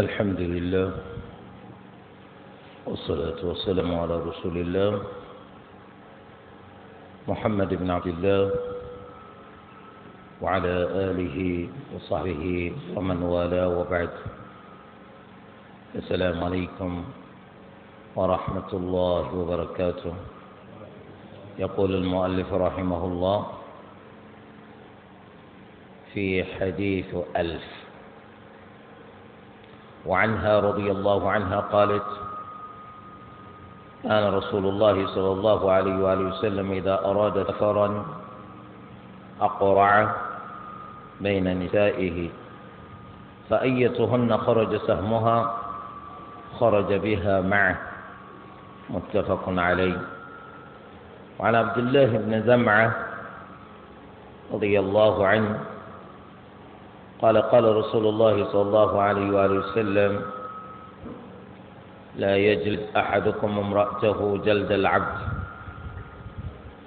الحمد لله والصلاة والسلام على رسول الله محمد بن عبد الله وعلى آله وصحبه ومن والاه وبعد السلام عليكم ورحمة الله وبركاته يقول المؤلف رحمه الله في حديث ألف وعنها رضي الله عنها قالت كان رسول الله صلى الله عليه وآله وسلم إذا أراد سفرا أقرع بين نسائه فأيتهن خرج سهمها خرج بها معه متفق عليه وعن عبد الله بن زمعة رضي الله عنه قال قال رسول الله صلى الله عليه وآله وسلم لا يجلد أحدكم امرأته جلد العبد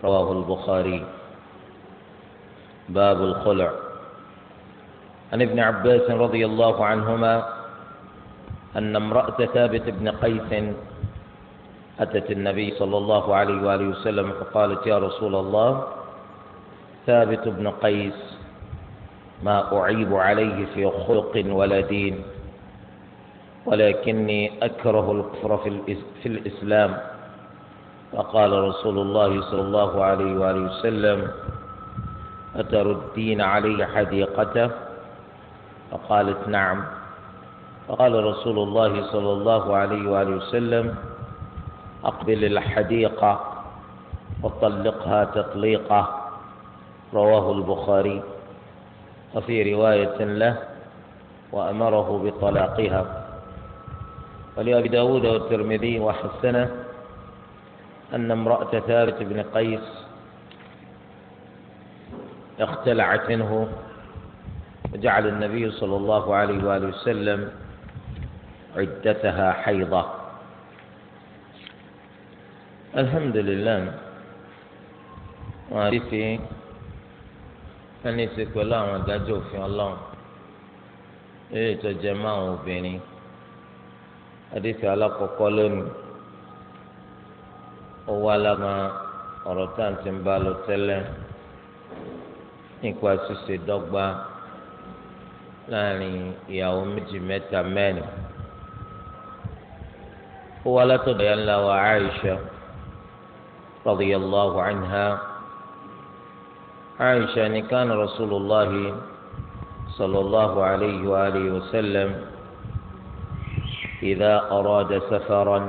رواه البخاري باب الخلع عن ابن عباس رضي الله عنهما أن امرأة ثابت بن قيس أتت النبي صلى الله عليه وآله وسلم فقالت يا رسول الله ثابت بن قيس ما أعيب عليه في خلق ولا دين ولكني أكره الكفر في الإسلام فقال رسول الله صلى الله عليه وآله وسلم أتردين الدين علي حديقته فقالت نعم فقال رسول الله صلى الله عليه وآله وسلم أقبل الحديقة وطلقها تطليقة رواه البخاري وفي رواية له وأمره بطلاقها ولأبي داود والترمذي وحسنه أن امرأة ثابت بن قيس اختلعت منه وجعل النبي صلى الله عليه وآله وسلم عدتها حيضة الحمد لله وعرفه wọn ní í ṣe pẹ̀lú àwọn ìdájọ́ òfin ọlọ́run eré ìtọ́jẹ mọ́ àwọn obìnrin adéṣe alákọ̀ọ́kọ́ lónìí ó wá lámà ọ̀rọ̀ tá ń bá lọ tẹ́lẹ̀ nípa ṣíṣe dọ́gba láàrin ìyàwó méjì mẹ́ta mẹ́rin anha. عائشة أن كان رسول الله صلى الله عليه وآله وسلم إذا أراد سفرا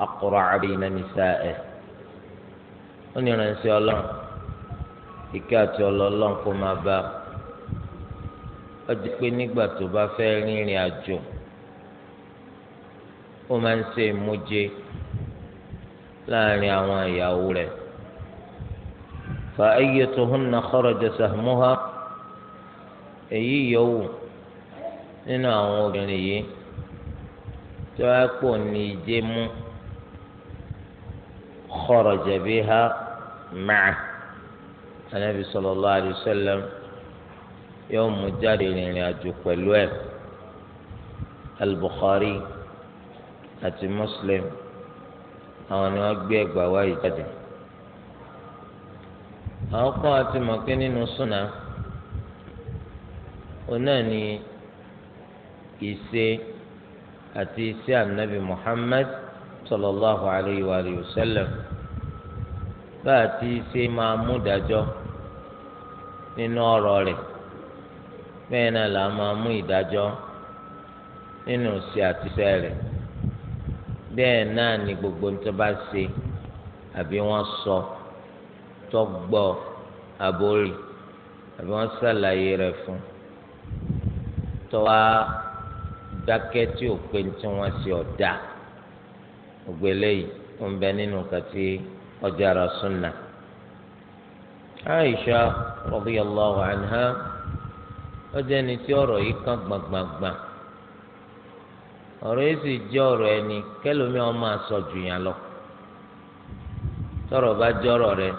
أقرع بين نسائه أن ينسي الله ìkẹ́àtì ọlọ́lọ́n kó máa bá ọ di pé nígbà tó bá fẹ́ rìnrìn àjò ó máa ń ṣe ìmúje láàrin àwọn ìyàwó rẹ̀. فأيتهن خرج سهمها èyí yòówù nínú àwọn obìnrin yìí tí wọ́n pò ní ìjẹ mú kharaja biha ma'a anabi sallallahu alayhi wa sallam yóò mú jáde rìnrìn àjò pẹ̀lú ẹ̀ al-Bukhari àti Muslim àwọn ni wọ́n gbé ẹgbàá wáyé jáde. àwọn kọ́ àti mọ̀kí nínú súnà òun ni ìṣe àti ìṣe ànábì Muhammad sallallahu alayhi wa sallam bá àti ìṣe máa mú dájọ́ nínú ọ̀rọ̀ rẹ̀ bẹ́ẹ̀ náà là máa mú ìdájọ́ nínú ìṣe àti ni gbogbo ń bá ṣe So tọgbọ́ àbórí àbí wọ́n ṣàlàyé rẹ̀ fún tọ́wá dákẹ́ tí ò pé tí wọ́n ṣe ọ̀dà gbogbo eléyìí ń bẹ nínú kàtí ọjà rà súnà. Aisha radiyallahu anha ó jẹ́ ẹni tí ọ̀rọ̀ yìí kàn gbàngbàngbà ọ̀rọ̀ yìí sì jẹ́ ọ̀rọ̀ ẹni kẹlòmíọ́ máa sọ jù yàn lọ tọrọ bá jọ́rọ̀ rẹ.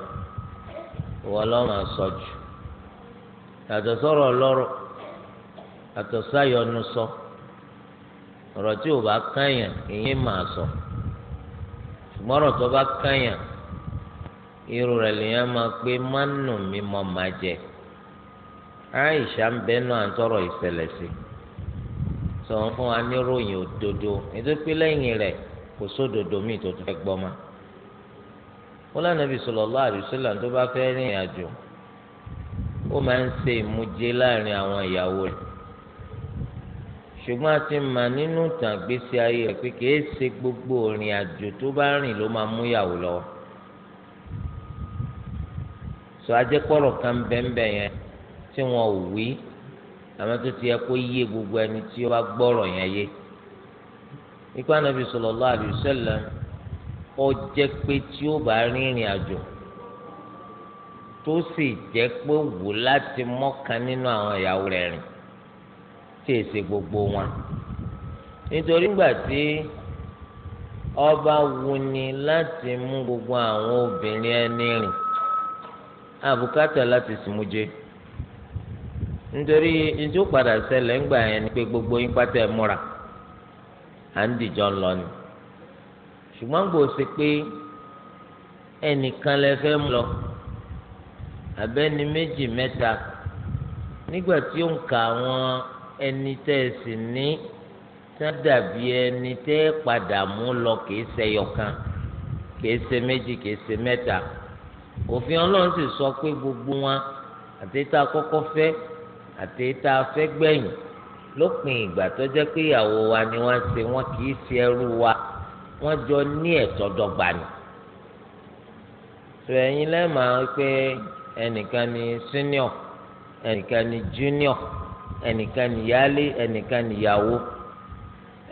ìwọ lọ́rùn àsọjù yàtọ̀ sọ̀rọ̀ lọ́rọ̀ yàtọ̀ sáyọnu sọ ọ̀rọ̀ tí ò bá kànyàn sọ ṣùgbọ́n ọ̀rọ̀ tó bá rẹ irú rẹ̀ lèyàn máa pé má nù máa jẹ Aisha ń bẹ́ náà ń tọrọ ìṣẹ̀lẹ̀ sí fún wa níròyìn òdodo ètò rẹ̀ kò sódodo tó wọn lánàbì sallallahu alaihi wasallam tó bá fẹ́ rìn àjò ó máa ń ṣe ìmújẹ láàrin àwọn ìyàwó rẹ̀ ṣùgbọ́n a ti mà nínú ìtàn ìgbésí ayé rẹ̀ pé kìí ṣe gbogbo ìrìn àjò tó bá rìn ló máa mú ìyàwó lọ́wọ́ sọ ajẹ́pọ̀rọ̀ kan bẹ́ẹ̀ yẹn tí wọn ò wí àmọ́ tó ti yẹ kó yé gbogbo ẹni tí ó bá gbọ́rọ̀ yẹn yé ikú ànábì sallallahu alaihi wasallam kó jẹ́ pé tí ó bá rìnrìn àjò tó sì je pé wù láti mọ́kàn nínú àwọn ìyàwó rẹ rìn tí èsè gbogbo wọn nítorí gbà tí ọba wuni láti mú gbogbo àwọn obìnrin ẹni rìn àbùkátà láti sùnmùjẹ nítorí ìjó padà ṣẹlẹ̀ ńgbà yẹn ni pé gbogbo yín pátá ẹ̀ múra à ń ńlọ ni ṣùgbọ́n gbò ṣe pé ẹnìkan lẹ fẹ́ mú lọ abẹ́ni méjì mẹ́ta nígbà tí ó ń ka àwọn ẹni tẹ́ ẹ sì ní tá dàbí ẹni tẹ́ ẹ padà mú lọ kìí ṣe yọkan kìí ṣe méjì kìí ṣe mẹ́ta òfin ọlọ́run sì sọ pé gbogbo wọn àti tá a kọ́kọ́ fẹ́ àti tá a fẹ́ gbẹ̀yìn lópin ìgbà tó jẹ́ pé ìyàwó wa ni wọ́n ṣe wọ́n kìí ṣe ẹrú wa wọ́n jọ ní ẹ̀tọ́ dọ́gba ni tòun ẹ̀yin lẹ́ẹ̀ma pé ẹnìkan ni senior ẹnìkan ni junior ẹnìkan ni yálé ẹnìkan ni yàwó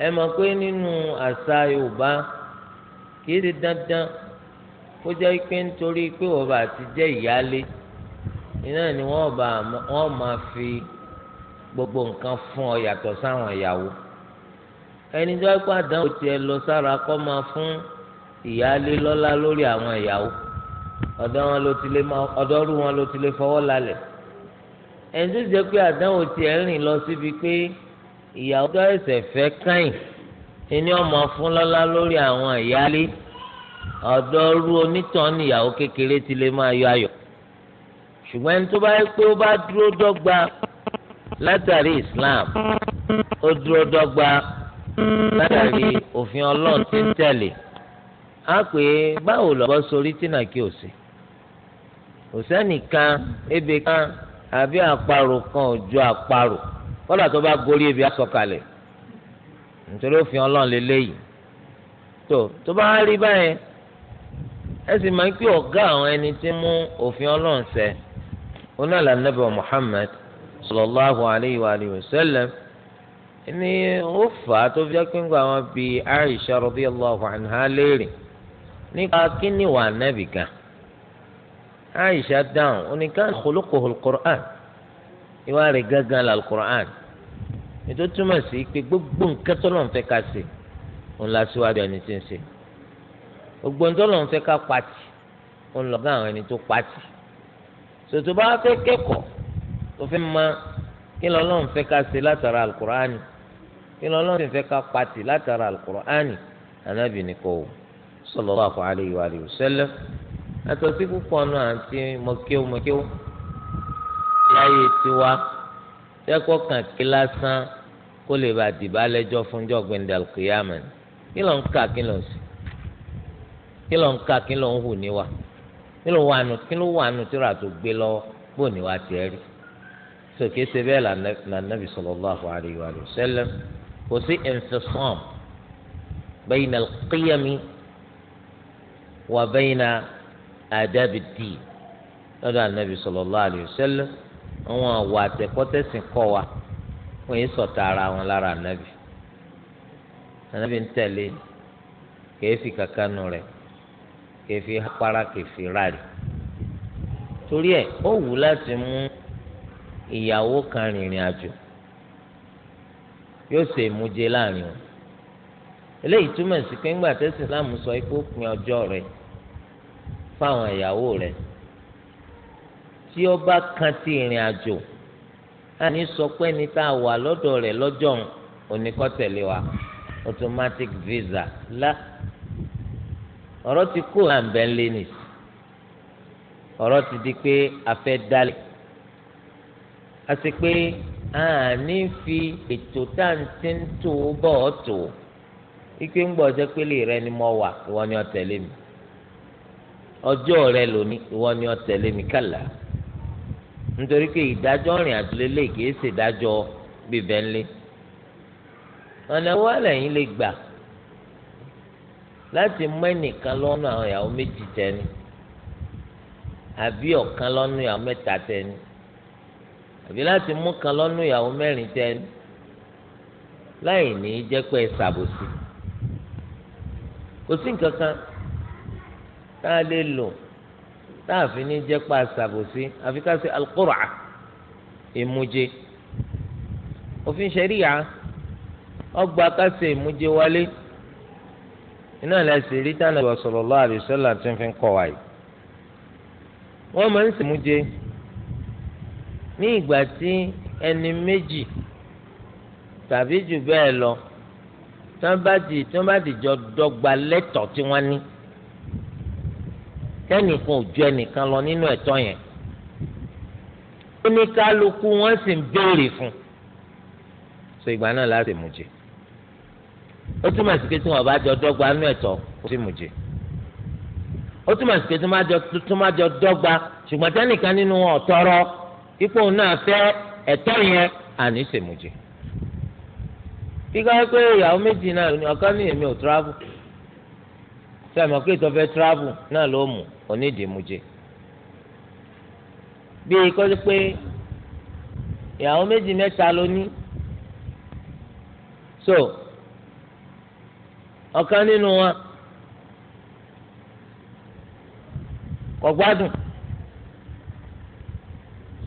ẹ mọ̀ pé nínú àṣà Yorùbá kì í ṣe dandan kó jẹ́ pé nítorí pé ọba àti jẹ́ ìyálé iná ni wọ́n máa fi gbogbo nǹkan fún ọ yàtọ̀ sáwọn ìyàwó ẹni tó wá pé àdánwò tiẹ̀ lọ sára kọ́ máa fún ìyáálé lọ́lá lórí àwọn ìyàwó ọ̀dọ̀ wọn ló ti lè ọ̀dọ́rú wọn ló ti lè fọwọ́ lálẹ̀ ẹni tó jẹ́ pé àdánwò tiẹ̀ rìn lọ síbi pé ìyàwó tó ẹsẹ̀ fẹ́ káyìn ẹni ọmọ fún lọ́lá lórí àwọn ìyáálé ọ̀dọ́rú onítàn níyàwó kékeré ti lè máa yọ ayọ̀ ṣùgbọ́n ẹni tó bá yẹ pé ó bá dúró dọ́gba látàrí Islam ó dúró dọ́gba látàrí òfin ọlọ́run ti ń tẹ̀lé á pè é báwo lọ́bọ́ sórí tìǹà kí o sí kò sẹ́nìkan ebe kan àbí àparò kan ò ju àparò kọ́lá tó bá gorí ebi asọ̀kalẹ̀ nítorí òfin ọlọ́run lélẹ́yìí tó tó bá rí báyẹn ẹ sì máa ń pè ọ̀gá àwọn ẹni tí mú òfin ọlọ́run ṣẹ onáàlà nàbẹ̀ Muhammad sallallahu alayhi wa sallam ni ó fà á tó fi jẹ́ pé ń gba àwọn bíi Aisha radiyallahu anha léèrè nípa kíni wà nábì gan Aisha dáhùn oníkan khuluquhu al-Qur'an ìwà rẹ̀ gángan la al-Qur'an ètò túmọ̀ sí pé gbogbo nǹkan tó lọ́n fẹ́ ká ṣe òun la síwájú ẹni tí ń ṣe gbogbo nǹkan tó lọ́n fẹ́ ká pàtì òun lọ́gá àwọn ẹni tó pàtì sòtò bá fẹ́ kẹ́kọ̀ọ́ tó fẹ́ mọ kí lọ́n fẹ́ ká ṣe látara al kí ló lọ́sìn fẹ́ ká pati látara alukur'ani anabi ni kò sallallahu alayhi wa sallam àtọ̀ sí púpọ̀ náà àti mọ̀kéw mọ̀kéw láyé tiwa tẹ́kọ̀ kàn kí lásán kó lè bá dìbà lẹ́jọ́ fúnjọ́ gbẹ̀ndẹ̀ alukiyama ni kí ló ń kà kí ló ń sè kí ló ń kà kí ló ń hù níwà kí ló wà nù kí ló wà nù tíra tó gbé lọ́wọ́ bó níwà tiẹ̀ rí sókè ṣe bẹ́ẹ̀ lànà nàbì sallallahu alayhi wa sallam. kò sí infisam bayna al wa bayna adabi lọ́dọ̀ anabi sallallahu alayhi wa sallam àwọn àtẹ̀kọ́tẹ̀sìn kọ́ wa wọ́n yìí sọ̀tà ara wọn lára anabi anabi ń tẹ̀lé e. kèéfì kankanu rẹ̀ kèéfì apara kèéfì ráàlì torí ẹ̀ ó wù láti mú ìyàwó kan rìnrìn àjò. yóò ṣe ìmújẹ láàrin wọn eléyìí túmọ̀ sí pé ńgbà tẹ́sí islam sọ pé ó pin ọjọ́ rẹ̀ fáwọn ìyàwó rẹ̀ tí ó bá kan ti ìrìn àjò àní sọ pé ní tá a wà lọ́dọ̀ rẹ̀ lọ́jọ́ oníkọ́tẹ̀lé wa automatic visa la ọ̀rọ̀ ti kó àǹbẹ̀ ńlẹ́ nì ọ̀rọ̀ ti di pé a fẹ́ dálé a sì pé. àní fi ètò tá à ń ti ń tó tó ike ń gbọ́ rẹ ni mo wà ìwọ ni ọ tẹ̀lé mi ọjọ́ rẹ lónìí ìwọ ni ọ tẹ̀lé mi kàlà nítorí pé ìdájọ́ rìn àdúlé lè kìí ṣe ìdájọ́ bíbẹ́ ńlẹ̀ ọ̀nà wo lẹ́yìn lè gbà láti mú ẹnìkan lọ́nà àwọn ìyàwó méjì tẹ́ni àbí ọ̀kan lọ́nà ìyàwó mẹ́ta àbí láti mú kan lọ́nú ìyàwó mẹ́rin tẹ́ ẹni láì ní í jẹ́ pé ẹ ṣàbòsí kò sí nǹkan kan tá a lè lò tá a fi ní jẹ́ pé a ṣàbòsí àfi ká ṣe alukóra ìmúje òfin ṣẹ̀ríyà ọgbà ká ṣe ìmúje wálé iná lẹ́sìn rí tánà sallallahu alaihi wasallam tí ń fi kọ́ wa wọ́n máa ń ṣèmúje ní ìgbà tí ẹni méjì tàbí jù bẹ́ẹ̀ lọ tí wọ́n bá di tí wọ́n bá dìjọ dọ́gba lẹ́tọ̀ọ́ tí wọ́n ní kẹ́nìkan ò ju ẹnìkan lọ nínú ẹ̀tọ́ yẹn ó ní kálukú wọ́n sì ń béèrè fún so ìgbà náà láti mú jẹ ó túmọ̀ sí pé tí wọ́n bá jọ dọ́gba nínú ẹ̀tọ́ ó sì mú jẹ ó túmọ̀ sí pé tí wọ́n bá jọ dọ́gba ṣùgbọ́n tẹ́nìkan nínú wọn ò tọrọ ipò náà fẹ́ ẹ̀tọ́ yẹn àní ṣèmùjẹ. kíkọ́ pé ìyàwó méjì náà lónìí ọ̀kan ní èmi ò tíráàbù sẹ́mi ọ̀kẹ́ ìtọ́fẹ́ tíráàbù náà ló mú onídìímùjẹ. bí ikọ́ pé ìyàwó méjì mẹ́ta ló ní so ọ̀kan nínú wọn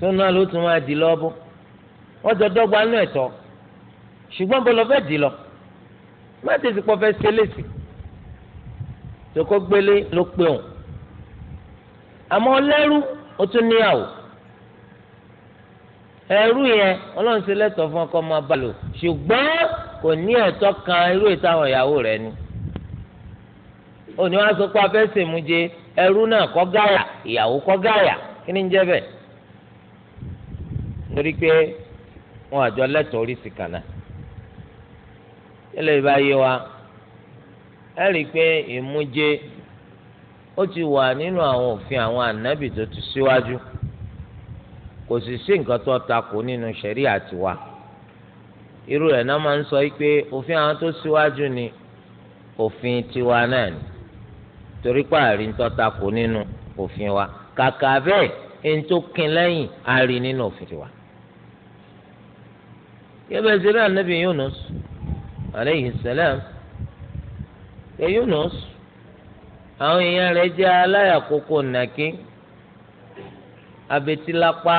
sóun náà ló tún máa dì lọ bó wọ́n jọ dọ́gba nínú ẹ̀tọ́ ṣùgbọ́n bó fẹ́ lọ má tètè pọ̀ fẹ́ ṣe léṣe gbélé ló pé òun àmọ́ lẹ́rú ó tún níyàwó ẹrú yẹn fún ọkọ máa bá lò kò kan irú ìtàwọn ìyàwó rẹ ni òní wàá sọ pé ẹrú náà gáyà ìyàwó gáyà kí ni torí pé wọn àjọ lẹ́tọ̀ọ́ oríṣi kan náà tẹ́lẹ̀ wa ẹ rí i pé ìmújẹ ó ti wà nínú àwọn òfin àwọn ànábì tó ti síwájú kò sì sí nǹkan tó takò nínú ṣẹ̀ríà tiwa irú rẹ̀ náà máa ń sọ pé òfin àwọn tó síwájú ni òfin tiwa náà ni torí páàrí ń tọ́ta kò nínú òfin wa kàkà bẹ́ẹ̀ ń tó kin lẹ́yìn a nínú òfin tiwa gẹ́gẹ́ ṣe rí anabi Yunus aleyhi salam ẹ Yunus àwọn èèyàn rẹ̀ jẹ́ aláyàkókò nàkí abetílápá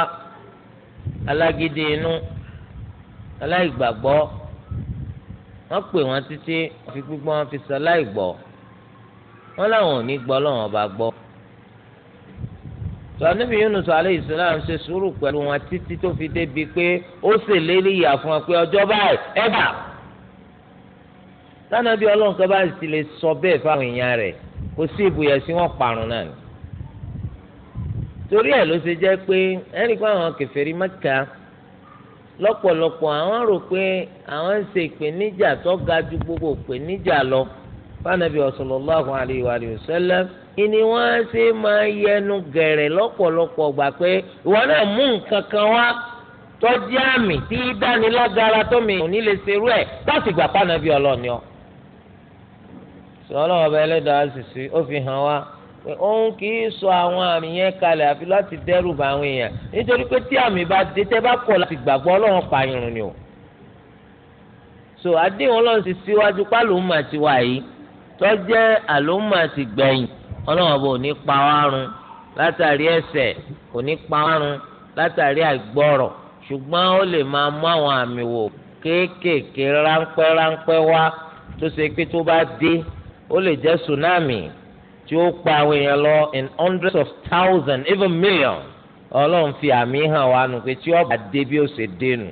alágídí inú aláìgbàgbọ́ wọ́n pè wọ́n títí wọ́n fi gbígbọ́ wọ́n fi sọ aláìgbọ́ wọ́n láwọn ò ní gbọ́ lọ́wọ́n ọba gbọ́ sọ̀nìbí Yunus aleyhi salam ṣe sùúrù pẹ̀lú wọn títí tó fi débi pé ó ṣèlérí ìyà fún wọn pé ọjọ́ báyìí ẹ bà. lánàá bí ọlọ́run kan bá ti lè sọ bẹ́ẹ̀ fáwọn èèyàn rẹ̀ kò sí ìbùyẹ̀ sí wọn parun náà ni. torí ẹ̀ ló ṣe jẹ́ pé ẹnì kan àwọn kèfèrí Mẹ́kà lọ́pọ̀lọpọ̀ àwọn rò pé àwọn ń ṣe ìpèníjà tó ga ju gbogbo ìpèníjà lọ fanabi sallallahu alayhi wa sallam ìní wọn ṣe máa yẹnu gẹ̀rẹ̀ lọ́pọ̀lọpọ̀ gbà pé ìwọ náà mú nǹkan kan wá tọ́jú àmì tí dánilágara tó mi òní lè ṣerú ẹ̀ láti gbà fanabi ọlọ́ni ọ. sọlá ọba ẹlẹ́dàá ṣìṣì ó fi hàn wá pé òun kì í sọ àwọn àmì yẹn kalẹ̀ àfi láti dẹ́rù bá àwọn èèyàn nítorí pé tí àmì bá dé tẹ́ bá kọ̀ láti gbàgbọ́ ọlọ́run pa irun ni o. so àdéhùn ọlọ́run ti síwájú pálọ̀ ń mà ti yìí tọ́jẹ́ àlòmọ́ ti gbẹ̀yìn ọlọ́run ọba ò ní pa wá run látàrí ẹ̀ṣẹ̀ kò ní pa wá run látàrí àìgbọ́rọ̀ ṣùgbọ́n ó lè máa mú àwọn àmì wò kéékèèké ráńpẹ́ ráńpẹ́ wá tó ṣe pé tó bá dé ó lè jẹ́ tsunami tí ó pa àwọn èèyàn lọ in hundreds of thousands even millions ọlọ́run fi àmì hàn wá nù pé tí ọba dé bí ó ṣe dé nù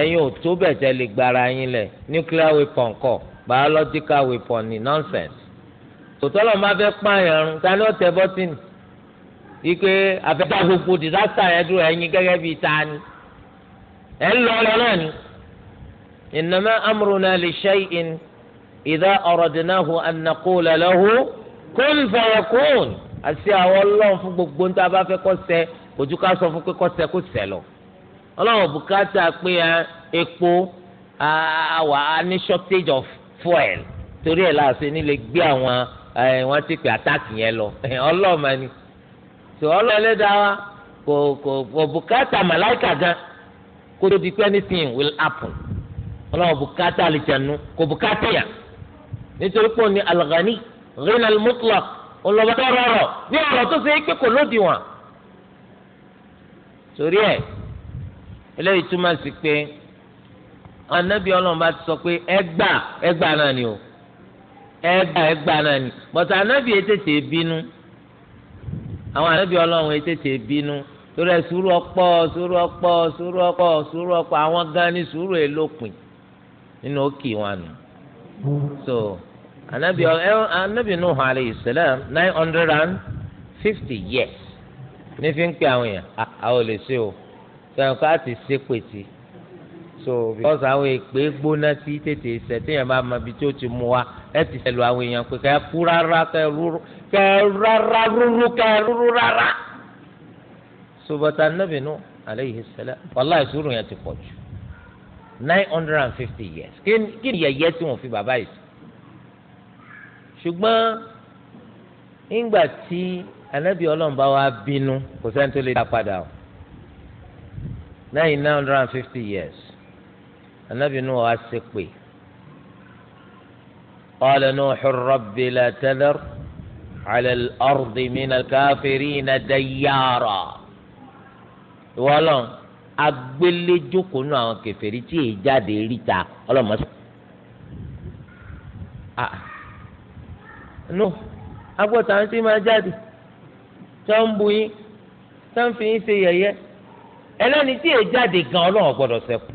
ẹ̀yin ò tó bẹ̀tẹ̀ lè gbára yín lẹ̀ nuclear weapon kọ̀ biological weapon ni nonsense tòtọ́lọ̀ máa fẹ́ pààyàn rún ta ni ó tẹ bọ́tìnì ike àfẹ́dá gbogbo disaster yẹn dúró ẹ̀yin gẹ́gẹ́ bíi ta ni ẹ̀ ń lọ ọ̀rọ̀ náà ni innama amruna li shay'in idha aradnahu an naqula lahu kun fayakun àti àwọn ọlọ́run fún gbogbo ń tá a bá fẹ́ kọ́ ṣẹ ojú ká sọ fún pé kọ́ ṣẹ kó ṣẹ lọ ọlọ́run bùkátà pé epo àwa ní shortage of fuel torí ẹ̀ láàṣẹ nílé gbé àwọn wọ́n ti pè àtàkì yẹn lọ ọlọ́ọ̀mà ni tó ọlọ́ọ̀lẹ́dá wa kò kò kò bùkátà màláìkà gan kó tó di pé anything will happen ọlọ́wọ́ bùkátà àlìjánu kò bùkátà yà nítorí pé òní alghani ghinal mutlaq ọlọ́bàtà rọrọ̀ ní ọ̀rọ̀ tó ṣe é pé kò lódì wọn. torí ẹ̀ eléyìí túmọ̀ sí pé anabi Ọlọ́run bá ti sọ pé ẹgbà ẹgbà náà ni o ẹgbà ẹgbà náà ni bọtà anabi ètètè bínú àwọn anabi Ọlọ́run ètètè bínú torí ẹ sùúrù ọ̀pọ̀ sùúrù ọ̀pọ̀ sùúrù ọ̀pọ̀ sùúrù ọ̀pọ̀ àwọn gan ni sùúrù èlòpin nínú òkè wọn nù so anabi anabi Nuhu alayhi salam nine hundred and fifty years ní fi ń pè àwọn yẹn àwọn ò lè ṣe o sọ̀rọ̀ ká ti ṣe pètì so because àwọn èpè gbóná sí tètè ṣẹ téèyàn bá mọ ibi tí ó ti mú wa ẹ ti ṣẹlẹ̀ àwọn èèyàn pé kẹ kú rárá kẹ rúrú kẹ rárá rúrú kẹ rúrú rárá. sobata nabi nu aleyhi sẹlẹ wàláì yẹn ti pọ̀ jù nine hundred and fifty years kí ni yẹyẹ tí wọ́n fi bàbá yìí sí. ṣùgbọ́n nígbà tí anabi ọlọ́run bá wa bínú kò sẹ́ni lè dá padà o nine hundred and fifty years النبي نوح wa قال نوح nuhu لا تذر على الأرض من الكافرين ديارا. al-kafirina dayyara ìwọlọ́n agbéléjókòó nù àwọn kèfèrí tí èyí jáde ríta ọlọ́mọsọ. Ah, nù agbọ́tà ń sì máa jáde tó ń bu yín tó ń fi yín ṣe yẹ̀yẹ́ ẹlẹ́ni tí èyí jáde gan ọlọ́run gbọ́dọ̀ ṣẹ́kù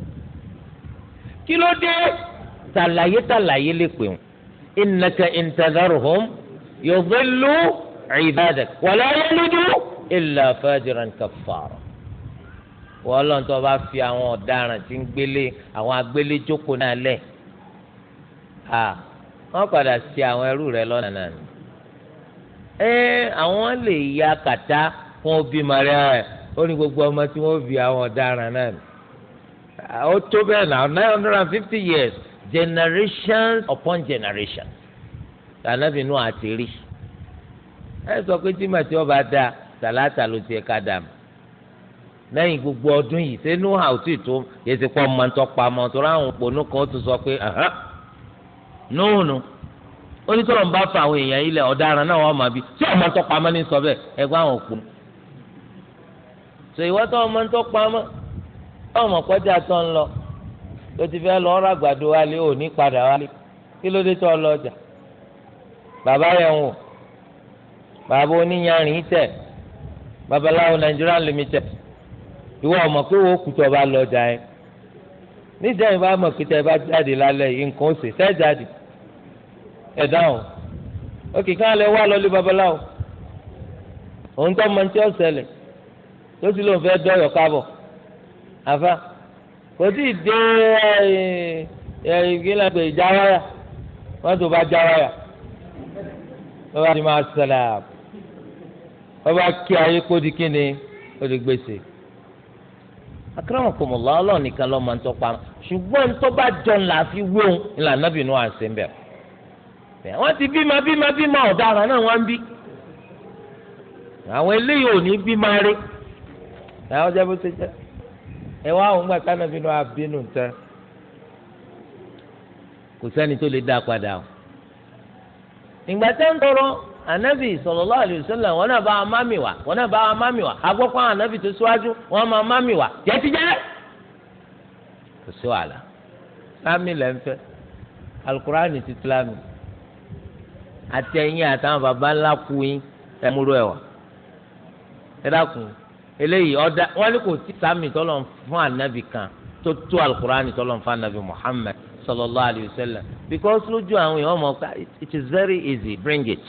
kí ló dé tàlàyé tàlàyé lè pè wọn innaka intadharhum yudillu ibadak wala yalidu illa fajiran kaffara wọ́n lọ́n tó bá fi àwọn ọ̀daràn tí ń gbélé àwọn agbélé jókòó náà lẹ̀ à wọ́n padà sí àwọn ẹrú rẹ̀ lọ́nà náà ni ẹ àwọn lè ya kàtá fún obì màrí ó ní gbogbo ọmọ tí wọ́n fi àwọn ọ̀daràn náà ni ó tó bẹ́ẹ̀ náà nine hundred and fifty years generations upon generations tànàbí nù àti rí ẹ sọ pé tí màtí ọba da tàlátà ló tiẹ̀ ká dà mọ́ lẹ́yìn gbogbo ọdún yìí ṣé nù hà ó sì tó yẹ ti pọ́ ọmọ tó tó ráhùn pònú kan ó tún sọ pé nùnù ó ní tọ́lọ̀ ń bá fa àwọn èèyàn ilẹ̀ ọ̀daràn náà wọ́n máa bí tí ọmọ tó pa ọmọ ní sọ bẹ́ẹ̀ ẹgbẹ́ àwọn òpó ṣèyí wọ́n tọ́ ọmọ tó pa ọmọ kọjá tó ń lọ tó ti fẹ́ lọ ọ̀rọ̀ àgbàdo wálé ò ní padà wálé kí ló dé tó ọ lọ ọjà bàbá yẹn wò bàbá oníyanrìn tẹ babaláwo Nigerian limited ìwọ ọmọ pé wo kùtọ bá lọ ọjà yẹn níjà yìí bá mọ̀ pé tẹ bá jáde lálẹ́ yìí nǹkan ó sè tẹ́ jáde ẹ̀ dáhùn òkè kí wọ́n lè wá lọ́lé babaláwo òun tó mọ ní tí ó ṣẹlẹ̀ tó sì lóun fẹ́ dọ́yọ̀ kábọ̀ àfa kò tí ì dé ìgbìlẹ̀ pé ìjà wáyà wọ́n tó bá já wáyà wọ́n bá ti máa sàlám wọ́n bá kí ayé kó di kí ni ó di gbèsè. akramakumullah Allah nìkan ló máa ń tọ́pa ṣùgbọ́n tó bá jọ ńlá fi wóun ńlá nábìínú àṣẹ ń bẹ̀rẹ̀ wọ́n ti bímọ bímọ bímọ ọ̀daràn náà wọ́n ń bí àwọn eléyìí ò ní bímọ rí ẹ wá àwọn gbà tánà bínú tán kò sẹ́ni tó lè dá padà o ìgbà tẹ́ ń tọrọ ànábì wọn náà bá wa mámì wá wọn náà bá wa wá agbọ́pọ̀ ànábì tó síwájú wọn máa mámì wá jẹ́tijẹ́ kò sí wàhálà sámi lẹ́ńfẹ́ alukurani ti tilami àti ẹ̀yin àtàwọn baba eléyìí ọ̀dà wọn ni kò sí sàmì tọ́lọ̀ fún ànábì kan tó tó alukur'ani tọ́lọ̀ fún ànábì Muhammad sallallahu alayhi wa sallam because lójú àwọn èèyàn ọmọ ọ̀ka it is very easy bring it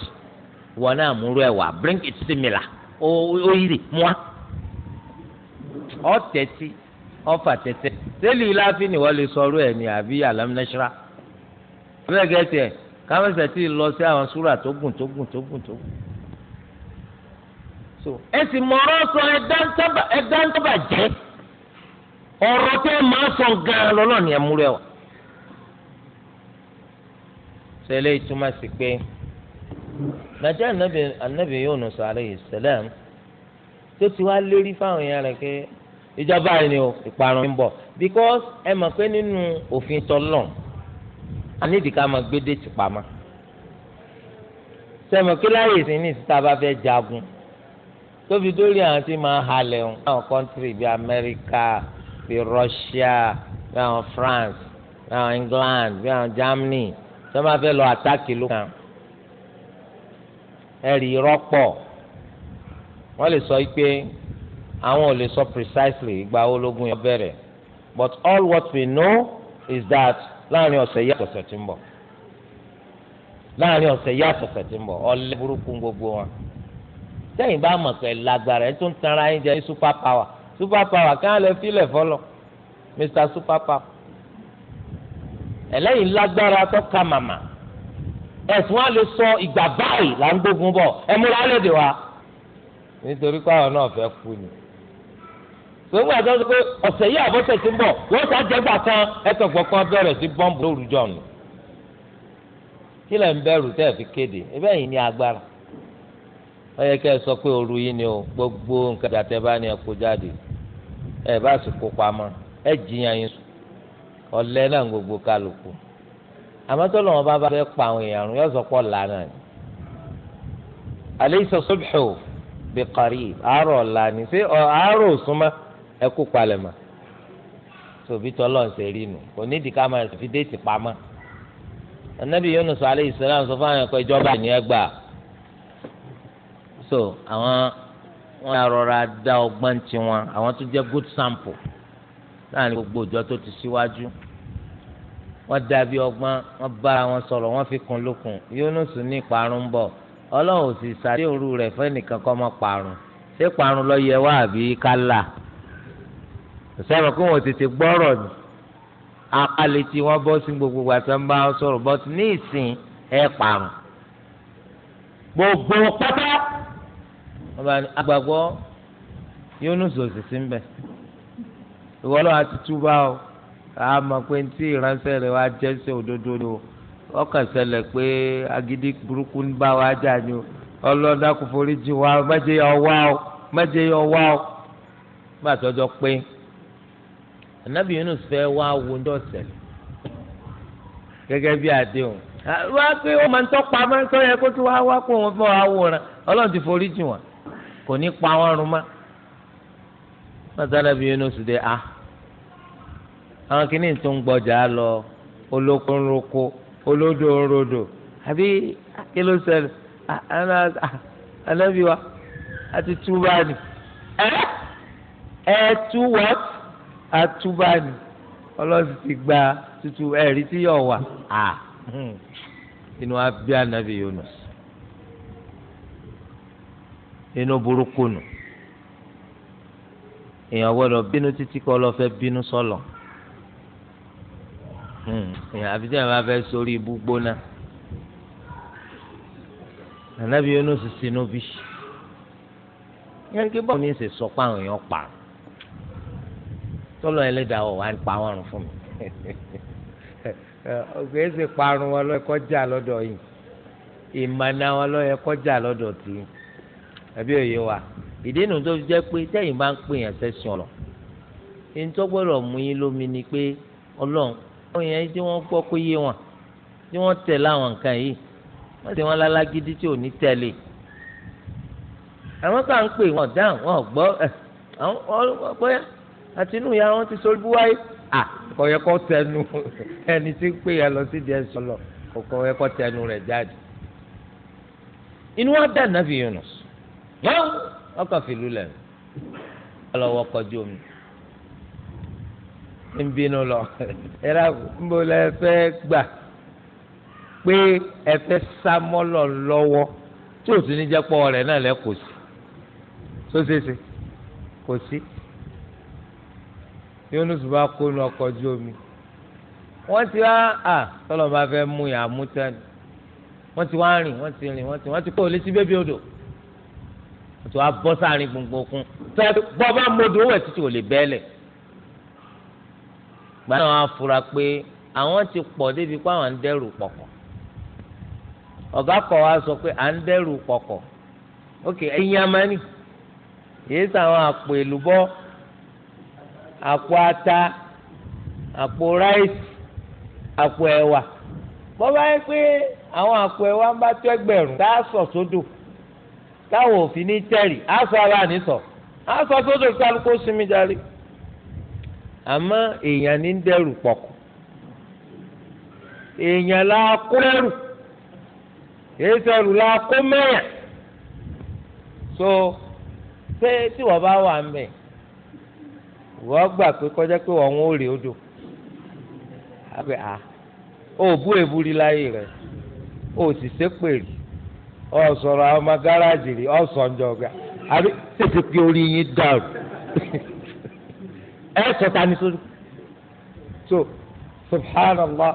wọn náà múrú ẹ wá bring it sí mi la ó yiri mua ọ tẹ̀sí ọfà tẹ̀tẹ̀ sẹ́lì láàfin ni wọ́n lè sọ̀rọ̀ ẹ̀ ní àbí alámúnáṣírà bẹ́ẹ̀ gẹ́tẹ̀ kámẹ́sẹ̀ tí ì lọ sí àwọn súrà tó gùn tó gùn tó gùn tó gùn so ẹ sì mọ ọ̀rọ̀ sọ ẹdá ń tọ́bà jẹ́ ọ̀rọ̀ tẹ́ ẹ máa sọ gan-an lọ́lọ́ọ̀ni ẹ̀ múlẹ̀ wá. sẹ́lẹ̀ ìtumọ̀ sí pé nàìjíríà ànábì ànábì Yunus alayhi salam tó ti wá lérí fáwọn èèyàn rẹ̀ pé ìjọba yìí ni ìparun ń bọ̀ because ẹ mọ̀ pé nínú òfin tọ́lọ̀ ànídìíká máa gbé dé tìpamọ́ sẹ́mi kí láyè sí ní ìsìta bá fẹ́ jagun tó fi dórí àwọn tí máa halẹ̀ ń àwọn kọ́ńtírì bíi amẹ́ríkà bíi russia bíi àwọn france bíi àwọn england bíi àwọn germany tó máa fẹ́ lọ àtàkì ló kàn ẹ̀rì rọ́pọ̀ wọ́n lè sọ pé àwọn ò lè sọ precisely ìgbà wo lógun yẹn bẹ̀rẹ̀ but all what we know is that láàrin ọ̀sẹ̀ yìí àtọ̀sẹ̀ tí ń bọ̀ láàrin ọ̀sẹ̀ yìí àtọ̀sẹ̀ tí ń bọ̀ ọ̀lẹ́ burúkú gbogbo wọn sẹ́yìn bá mọ̀ pé lágbára ẹ̀ tó ń tanra ẹ̀ jẹ́ super power super power kí wọ́n lè filẹ̀ fọlọ́ mr super power ẹlẹ́yìn lágbára tó ka màmá ẹ̀sùn wa lè sọ ìgbà báyìí là ń gbógun bọ̀ ẹ múra lédè wa nítorí pé àwọn náà fẹ́ kú ni sọ́gbà tó ń sọ pé ọ̀sẹ̀ yìí àbọ̀sẹ̀ ti ń bọ̀ wọ́n sá jẹ́gbà kan ẹ̀tọ̀gbọ̀ kan bẹ̀rẹ̀ sí bọ́ǹbù lórúkọ nù kí lẹ̀ ń bẹ̀rù tẹ́ẹ̀ fi kéde ẹ bẹ́ẹ̀ yìí ní agbára wọ́n yẹ kí ẹ sọ pé òru yìí ni o gbogbo nǹkan jàtẹ́ bá ní ẹ̀kọ́ jáde ẹ bá sì kó pamọ́ ẹ jiyàn yín sùn ọ̀lẹ́ náà gbogbo kálukú àmọ́ tó lọ́wọ́ bá bá fẹ́ pa àwọn èèyàn rún yóò sọ pọ̀ lánà ni. alaysa subhu bi qarib àárọ̀ ọ̀la ni ṣé àárọ̀ òsúnmọ́ ẹ kú palẹ̀ mọ́ tòbí tọ́lọ̀ ń ṣe rí nu kò ní ìdíkà máa fi déètì pamọ́ so àwọn wọn yà rọra dá ọgbọ́n tiwọn àwọn tó jẹ́ good sample láàrin gbogbo ìjọ tó ti síwájú wọ́n dàbí ọgbọ́n wọ́n bára wọn sọ̀rọ̀ wọ́n fi kún lókun Yunus ní ìparun ń bọ̀ Ọlọ́run sì sàdé òru rẹ̀ fẹ́nìkan kọ́ mọ́ parun ṣé parun lọ yẹ wá àbí kálá sọ̀rọ̀ kí wọ́n tètè gbọ́rọ̀ ni apalẹ̀ tí wọ́n bọ́ sí gbogbo àtàn bá sọ̀rọ̀ bọ́ sí ní ìsìn ẹ̀ parun gbogbo pátá wọn bá ní agbàgbọ́ Yunus òsìsì ń ìwọ lọ́wọ́ àti túbà o àá mọ̀ pé ní tí ìránṣẹ́ wá jẹ́ sí òdodo ni o ọkàn pé burúkú ń bá wa jà ni o ọlọ́dà kò forí mẹ́jẹ yọ wá o mẹ́jẹ yọ wá o bá a pé Yunus wá wo bí àdéhùn wá pé ó máa ń máa ń yẹ kó kò ní pa wọn rún mọ́ mọ́tàlá bíi inú sùdẹ́ a ah, àwọn kìíní tó ń gbọ́jà lọ olóko ń roko olódò ń rodò àbí kí ló ṣẹlẹ̀ ah, ah, ànábì wa àti túbà ni ẹ ẹ tú wọ́t àtúbà ni ọlọ́sìn ti gba tútù ẹ̀rí tí yọ̀ wà á hmm, inú wa bí ànábì Yunus inú burúkú nù èèyàn gbọ́dọ̀ bínú títí kọ lọ fẹ́ bínú sọlọ hmm, èèyàn àfi tí èèyàn bá fẹ́ sórí ibú gbóná ànábi Yunus sinú bí yẹn kí bọ́ọ̀ mi sì sọ pé àwọn èèyàn pa tọ́lọ̀ ẹlẹ́dàá ọ̀ wá ń pa wọ́n rùn fún mi ògbé sì parun wọn lọ́ọ́ ẹ̀kọ́ jà lọ́dọ̀ yìí ìmọ̀nà wọn lọ́ọ́ ẹ̀kọ́ jà lọ́dọ̀ tì í àbí òye wa ìdínú tó jẹ́ pé tẹ́yìn bá ń pè yàn sẹ́sìn ọ̀rọ̀ ẹni tó gbọ́dọ̀ mú yín lómi ni pé ọlọ́run àwọn èèyàn tí wọ́n gbọ́ pé yé wọn tí wọ́n tẹ̀ láwọn nǹkan yìí wọ́n ti wọn lálágídí tí ò ní tẹ̀lé àwọn kan ń pè wọn dáhùn wọn gbọ́ ẹ̀ àwọn bóyá àti inú ìyá wọn ti sọ ibú wáyé à kò yẹ tẹnu ẹni tí ń pè yà lọ sí díẹ̀ sọlọ kò yẹ kó tẹnu rẹ̀ jáde inú wa bẹ́ẹ̀ nàbì Yunus yẹn ọkọ̀ fìlú lẹ̀ ọlọ́wọ́ kọjú omi ń bínú lọ ẹ̀rọ ńbọ lẹ fẹ́ gbà pé ẹ fẹ́ sámọ́lọ̀ lọ́wọ́ tí ò tún ní jẹ́ pọ́ rẹ̀ náà lẹ kò sí tó ṣeéṣe kò sí yónú sùn bá kó nu ọkọ̀ ojú omi wọ́n ti wá à tọ́lọ́ bá fẹ́ mú yàrá mú tẹ́ni wọ́n ti wá rìn wọ́n ti rìn wọ́n ti wọ́n ti kó o létí bébí odò. tó a bọ́ sáàrin gbogbo kun tó bọ́ bá mọdò owó ẹ̀ títí ò lè bẹ́ẹ̀lẹ̀. gba náà wọn fura pé àwọn ti pọ̀ débi pé àwọn ń dẹ́rù pọ̀kọ̀ ọ̀gá kọ̀ wá sọ pé à ń dẹ́rù pọ̀kọ̀ ok ẹ̀yin amani yìí sàwọn àpò èlùbọ́ àpò ata àpò ráìsì àpò ẹ̀wà bọ́ bá yẹ pé àwọn àpò ẹ̀wà ń bá tó ẹgbẹ̀rún tá a sọ̀ sódò. So táwọn òfin ní tẹ́rì á sọ ara ní sọ á sọ sódò kálukú sinmi darí àmọ́ èèyàn ní dẹ́rù pọ̀kù èèyàn la kó ẹrù èyí la kó mẹ́yà so ṣé tí wọ́n bá wà mẹ́ wọ́n gbà pé kọjá pé wọ́n ń rè odò àbẹ̀ à ó bú èbúrí láyé rẹ̀ ó sì ṣépè rí Ọ àwọn ọmọ gáràjì rí ọ̀sọ̀njọ́ ọ̀gá àbí tètè pé orí yín dàrú ẹ sọ̀tà ní sórí. so subhanallah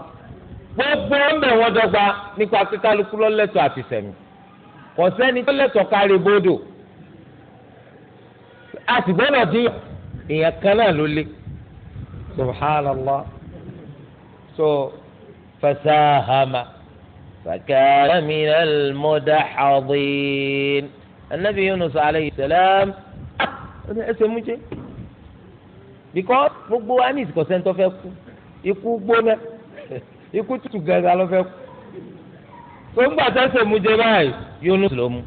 gbogbo ọmọ wọn dọ́gba nípa kíkálukú lọ́lẹ́tọ̀ àti sẹ̀mí kò sẹ́ni tó lẹ́tọ̀ kárí bódò àtìgbọ́nà dín èèyàn kan náà ló lé subhanallah so So, فكان من المدحضين النبي يونس عليه السلام ẹsẹ̀ mú jẹ́ because gbogbo wa ní ìsìnkọ̀ sẹ́ńtọ́ fẹ́ kú ikú gbóná ikú tutù gẹ́gẹ́ ló fẹ́ kú tó ń gbà sẹ́sẹ̀ mú jẹ́ báyìí Yunus ló mú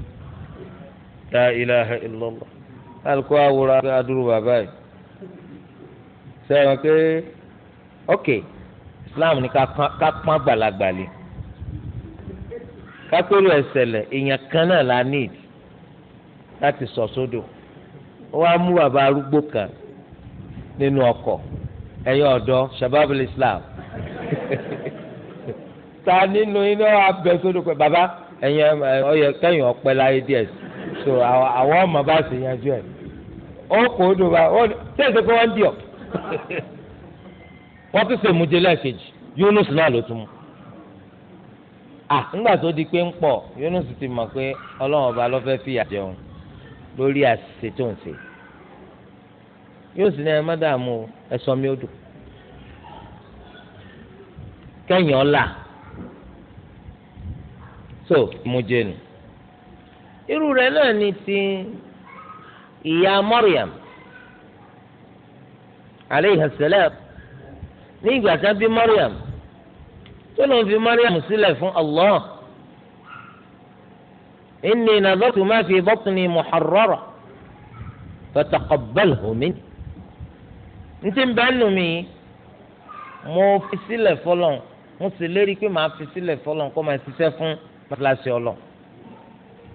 la ilaha illallah alukó awòrán adúrú bàbá yìí sẹ́wọ̀n pé ok Islam ní ká pọ́n àgbàlagbà lè kápẹ́rù ẹ̀sẹ̀lẹ̀ èèyàn kan náà la níìdì láti sọ sódò ó wá mú bàbá arúgbó kan nínú ọkọ̀ ẹ̀yin ọ̀dọ́ shababul islam ta nínú iná abẹ sódò pé bàbá ẹ̀yin ọyẹ kẹ́yìn ọ̀pẹ láyé díẹ̀ so àwọn ọmọ bá sì yanjú ẹ̀ ó kò ó dò bá ó tẹ̀sí pé wọ́n ń dì ọ́ wọ́n tún ṣèmùjẹ́ lẹ́ẹ̀kejì Yunus náà ló ah tó di pé ń pọ̀ Yunus ti mọ̀ pé ọlọ́run ọba ló fẹ́ fìyà jẹun lórí àṣìṣe tó ń ṣe yóò so mo iru irú rẹ̀ náà ni ti ìyá Maryam aleyhi salam ní ìgbà tí wọ́n bí tó ló ń fi mariam sílẹ̀ fún allah inni nadartu ma fi batni muharrara fataqabbalhu min ntí bẹ́ẹ̀ nù mí mo fi sílẹ̀ fọlọ́n mo sì lérí pé màá fi sílẹ̀ fọlọ́n kó máa ṣiṣẹ́ fún mọ́sálásí ọlọ́run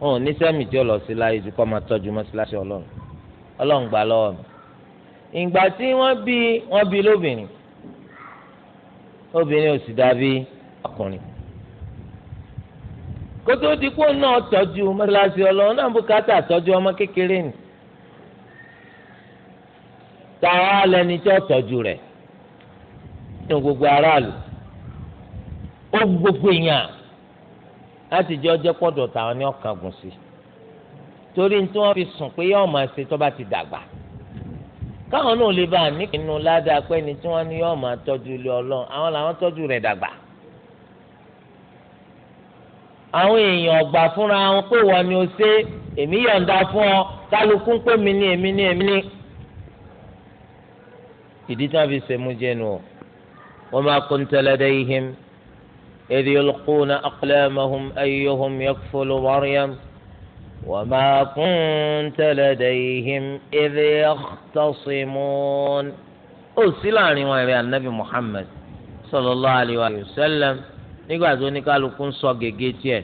ò ní sẹ́mi tí ó lọ sí láyé ju kó máa tọ́jú mọ́sálásí ọlọ́run ọlọ́run gbà lọ́wọ́ mi ìgbà tí wọ́n bí wọ́n bí lóbìnrin obìnrin ò sì dàbí ọkùnrin kótó dikó náà tọ́jú mọ́sálásí ọlọ́run náà bùkátà tọ́jú ọmọ kékeré ni tàwa lẹni tí ó tọ́jú rẹ. nínú gbogbo aráàlú ó gbogbo èèyàn láti jẹ ọjọ́ pọ̀dọ̀ ní torí tí wọ́n fi sùn pé máa ṣe tó bá ti dàgbà. káwọn náà lè bá a nípinnu ládàá pé ni tí wọ́n ní yóò máa tọ́jú ilé àwọn làwọn tọ́jú dàgbà. àwọn èèyàn ọ̀gbà fúnra wọn pé ni ó ṣe èmi yọ̀ǹda fún ọ kálukú pé mi ní èmi ní èmi ní. ìdí tí wọ́n fi ṣèmú jẹnu o ma kunta ladayhim idh ya aqlamahum وما كنت لديهم إذ يختصمون أرسل عنه إلى النبي محمد صلى الله عليه وسلم nígbà tó ní kálukú ń sọ gègé tiẹ̀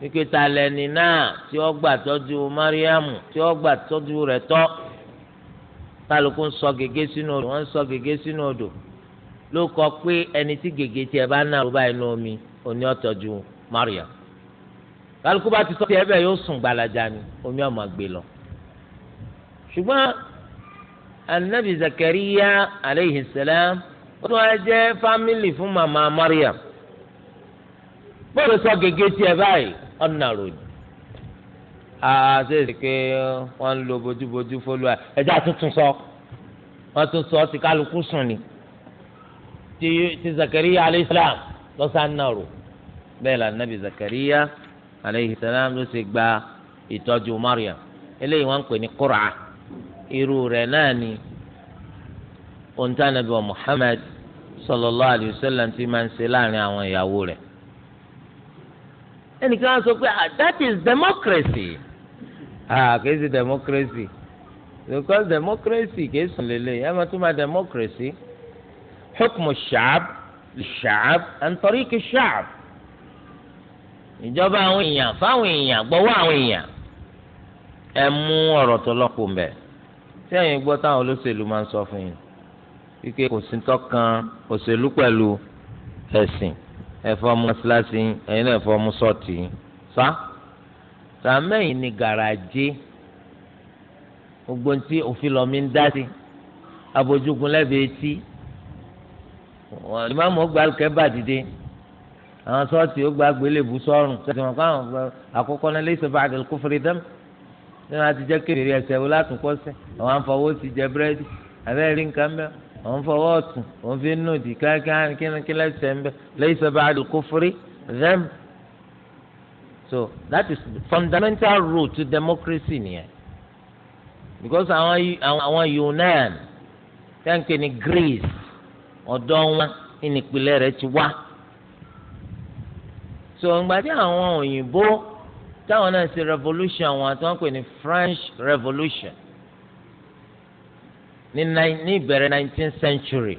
nígbàtà lẹni náà tí ó gbà tọ́jú tí ó gbà tọ́jú rẹ̀ sọ gègé odò wọ́n sọ gègé pé ẹni tí gègé kálukú bá ti sọ tiẹ̀ bẹ́ẹ̀ yóò sùn gbalaja ni omi ọmọ gbé lọ. ṣùgbọ́n anabi zakariya aleyhi salam ó tún wá jẹ́ fámìlì fún màmá mariam bóòlù sọ gègé tiẹ̀ báyìí ọ̀nà ròyìn. àṣeyèsí pé wọ́n ń lo bójúbójú fólú ẹ̀jẹ̀ àtúntún sọ wọ́n tún sọ ti kálukú sùn ni ti zakariya aleyhi salam lọ́sàn-án náà rò bẹ́ẹ̀ la anabi zakariya aleyhi salam ló ṣe gba ìtọ́jú Maryam eléyìí wọ́n ń pè ní kura irú rẹ̀ náà ni ontanabi wa Muhammad sallallahu alayhi wa sallam ti máa ń ṣe láàrin àwọn ìyàwó rẹ̀ ẹnìkan sọ pé ah, that is democracy ah kìí ṣe democracy because democracy kìí sùn lélẹ̀ ẹ máa tún máa democracy hukmu shaab shaab an tariqi shaab ìjọba àwọn èèyàn fáwọn èèyàn gbọ́wọ́ àwọn èèyàn ẹ mú ọ̀rọ̀ tó lọ́pọ̀ mbẹ́ tí ẹ̀yin gbọ́ táwọn olóṣèlú máa ń sọ fún yín wípé kò sí tọ́kan òṣèlú pẹ̀lú ẹ̀sìn ẹ̀fọ́ mú mọ́síláṣí ẹ̀yin náà ẹ̀fọ́ mú sọ́ọ̀tì sá sàmẹ́yìn ni gàràjé gbogbo ntí òfin lọ́mí ń dá sí abojúgun lẹ́bi etí ìmáàmù ọgbà kẹ́bà dìde àwọn sọ́ọ̀tì ó gba gbélébù sọ́rùn ṣe wọn kọ́ àwọn náà lẹ́sẹ̀ bá àdàlù kó fèrè dẹ́mu ní wọn ti jẹ́ kékeré ẹsẹ̀ wo látún kọ́ sí àwọn afọwọ́ ti jẹ búrẹ́dì abẹ́ rí nǹkan bẹ́ẹ̀ àwọn fọwọ́ ọ̀tún òun fi nù dì kíákíá lẹ́sẹ̀ ń bẹ́ lẹ́sẹ̀ bá àdàlù kó fèrè dẹ́mu. so that is fundamental rule to democracy nìyẹn because àwọn àwọn Yunan tẹ́ǹkì ní Greece ọ̀dọ́ wọn ìnìpìlẹ̀ rẹ̀ ti wá so ǹgbà tí àwọn òyìnbó táwọn náà ṣe revolution àwọn àti wọn pè ní French Revolution ní ní ìbẹ̀rẹ̀ nineteenth century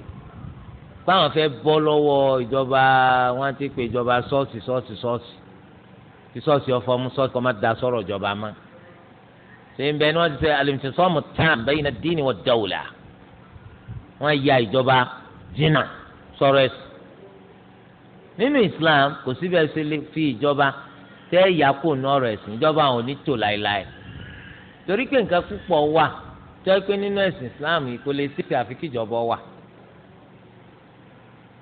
báwọn fẹ́ bọ́ lọ́wọ́ ìjọba wọn ti pè ìjọba ṣọ́ọ̀ṣì ṣọ́ọ̀ṣì ṣọ́ọ̀ṣì tí ṣọ́ọ̀ṣì ọ̀fọ̀ mú ṣọ́ọ̀ṣì kọ́ má da sọ̀rọ̀ ìjọba mọ́ ṣé ń bẹ ni wọ́n ti sẹ́ al-infisamu tam bayna ad-din wa ad-dawla wọ́n ya ìjọba jìnnà sọ̀rọ̀ ẹ̀sìn nínú Islam kò síbi ẹsẹ fi ìjọba tẹ ìyàpò ní ọ̀rọ̀ ẹ̀sìn ìjọba àwọn onítò láéláé torí pé nǹkan púpọ̀ wà tó ẹ pé nínú ẹ̀sìn Islam yìí kò lè síbi àfi kí ìjọba wà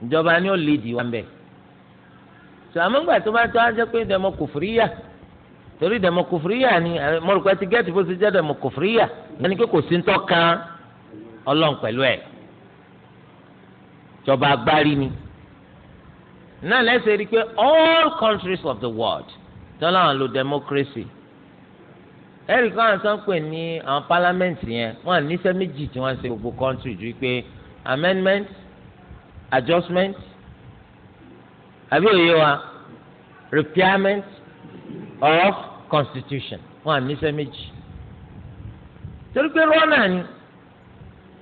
ìjọba ni ó lè dì wá mbẹ sàmúgbà tó bá tó á jẹ pé dẹmọkùfúríyà torí dẹmọkùfúríyà ni mọ̀rùkọ́ ti gẹ́tì bó ti jẹ́ dẹmọkùfúríyà ìyẹn ni pé kò sí ń tọ́ kan ọlọ́run pẹ̀lú ẹ̀ ìjọba agbárí ni náà lẹ́sẹ̀ rí i pé all countries of the world tọ́lá àwọn lo democracy ẹ̀rí kan àwọn sàn pè ní àwọn parliament yẹn wọ́n ní iṣẹ́ méjì tí wọ́n ṣe gbogbo country ju pé amendment adjustment àbí òye wa repairment of constitution wọ́n ní iṣẹ́ méjì torí pé rọ́nà ni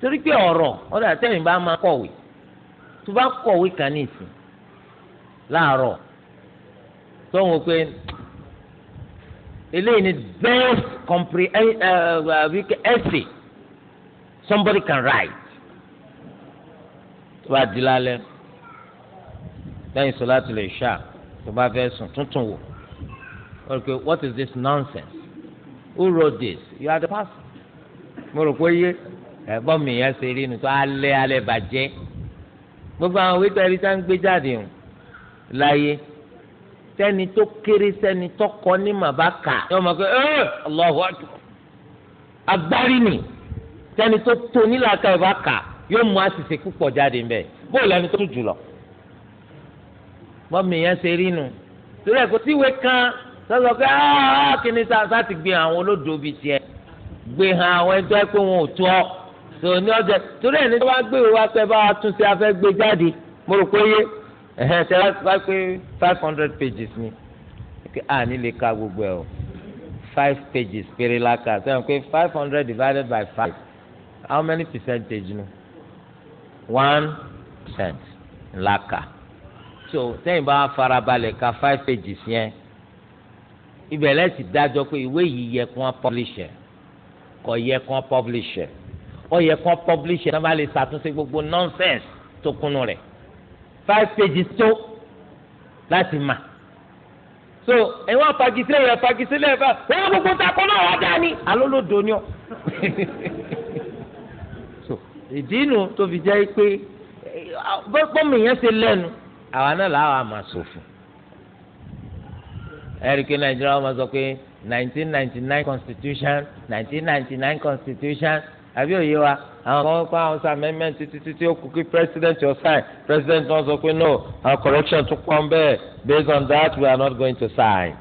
torí pé ọ̀rọ̀ ọ̀dà tẹ̀yìn bá máa kọ̀wé tó bá kọ̀wé kan ní ìsìn láàárọ̀ tó ń wò pé eléyìí ni best comprehensive essay eh, eh, somebody can write tó bá di lálẹ́ lẹ́yìn sọ láti lè ṣá tó bá fẹ́ sùn tuntun wò ó rò pé what is this nonsense who wrote this you are the person mo rò pé yé ẹ̀gbọ́n mi yẹn ṣe rí nu tó alẹ́ alẹ́ bàjẹ́ gbogbo àwọn wíńtọ́ ẹ̀rí tá ń gbé jáde hàn láyé sẹ́ni tó kéré sẹ́ni tó kọ́ ní màbá kà yóò máa kọ́ ẹ́ Allahu akbar ni sẹ́ni tó tó nílàkà ìbá kà yóò mú àṣìṣe púpọ̀ jáde ń bẹ̀ bóòlù ẹni tó tún jùlọ. bọ́mì yẹn ṣe rí nu torí ẹ̀ kò tíwé kan sọ́sọ́ pé kíni sá ti gbé àwọn olódò bíi tiẹ̀ gbé hàn àwọn ẹjọ́ pé wọn ò tó ọ tòun ní ọjọ́ torí ẹni tó bá gbé ìwé wa pẹ́ bá wa afẹ́ gbé jáde mo rò pé yé ẹ̀hẹ́n tẹ́ bá pé five hundred pages ni a ní lè ka gbogbo ẹ̀ o five pages péré la kà sẹ́wọ̀n pé five hundred divided by five how many percentage nu one percent la kà so sẹ́yìn bá farabalẹ̀ ka five pages yẹn ibẹ̀ lẹ́sìn dájọ́ pé ìwé yìí yẹ kó publish ẹ̀ kò yẹ kó publish ẹ̀ ó yẹ kó publish ẹ̀ náà bá lè ṣàtúnṣe gbogbo nonsense tó kúnnú rẹ̀ five pages tó láti mà so ẹ̀wọ̀n apagisílẹ̀ rẹ̀ apagisílẹ̀ rẹ̀ wọ́n gbogbo takò náà wá dání alólòdò ni ọ́ so ìdí inú tó fi jẹ́ pé bọ́ọ̀mù yẹn ṣe lẹ́nu àwa náà làwọn àmà sòfin ẹ̀ríkì nàìjíríà wọn sọ pé nineteen ninety nine constitution nineteen ninety nine constitution àbí òye wa àwọn kan kọ́ àwọn sa amendment títí títí ó kú kí president yóò sign president náà sọ pé no our correction tún pọ́n bẹ́ẹ̀ based on that we are not going to sign.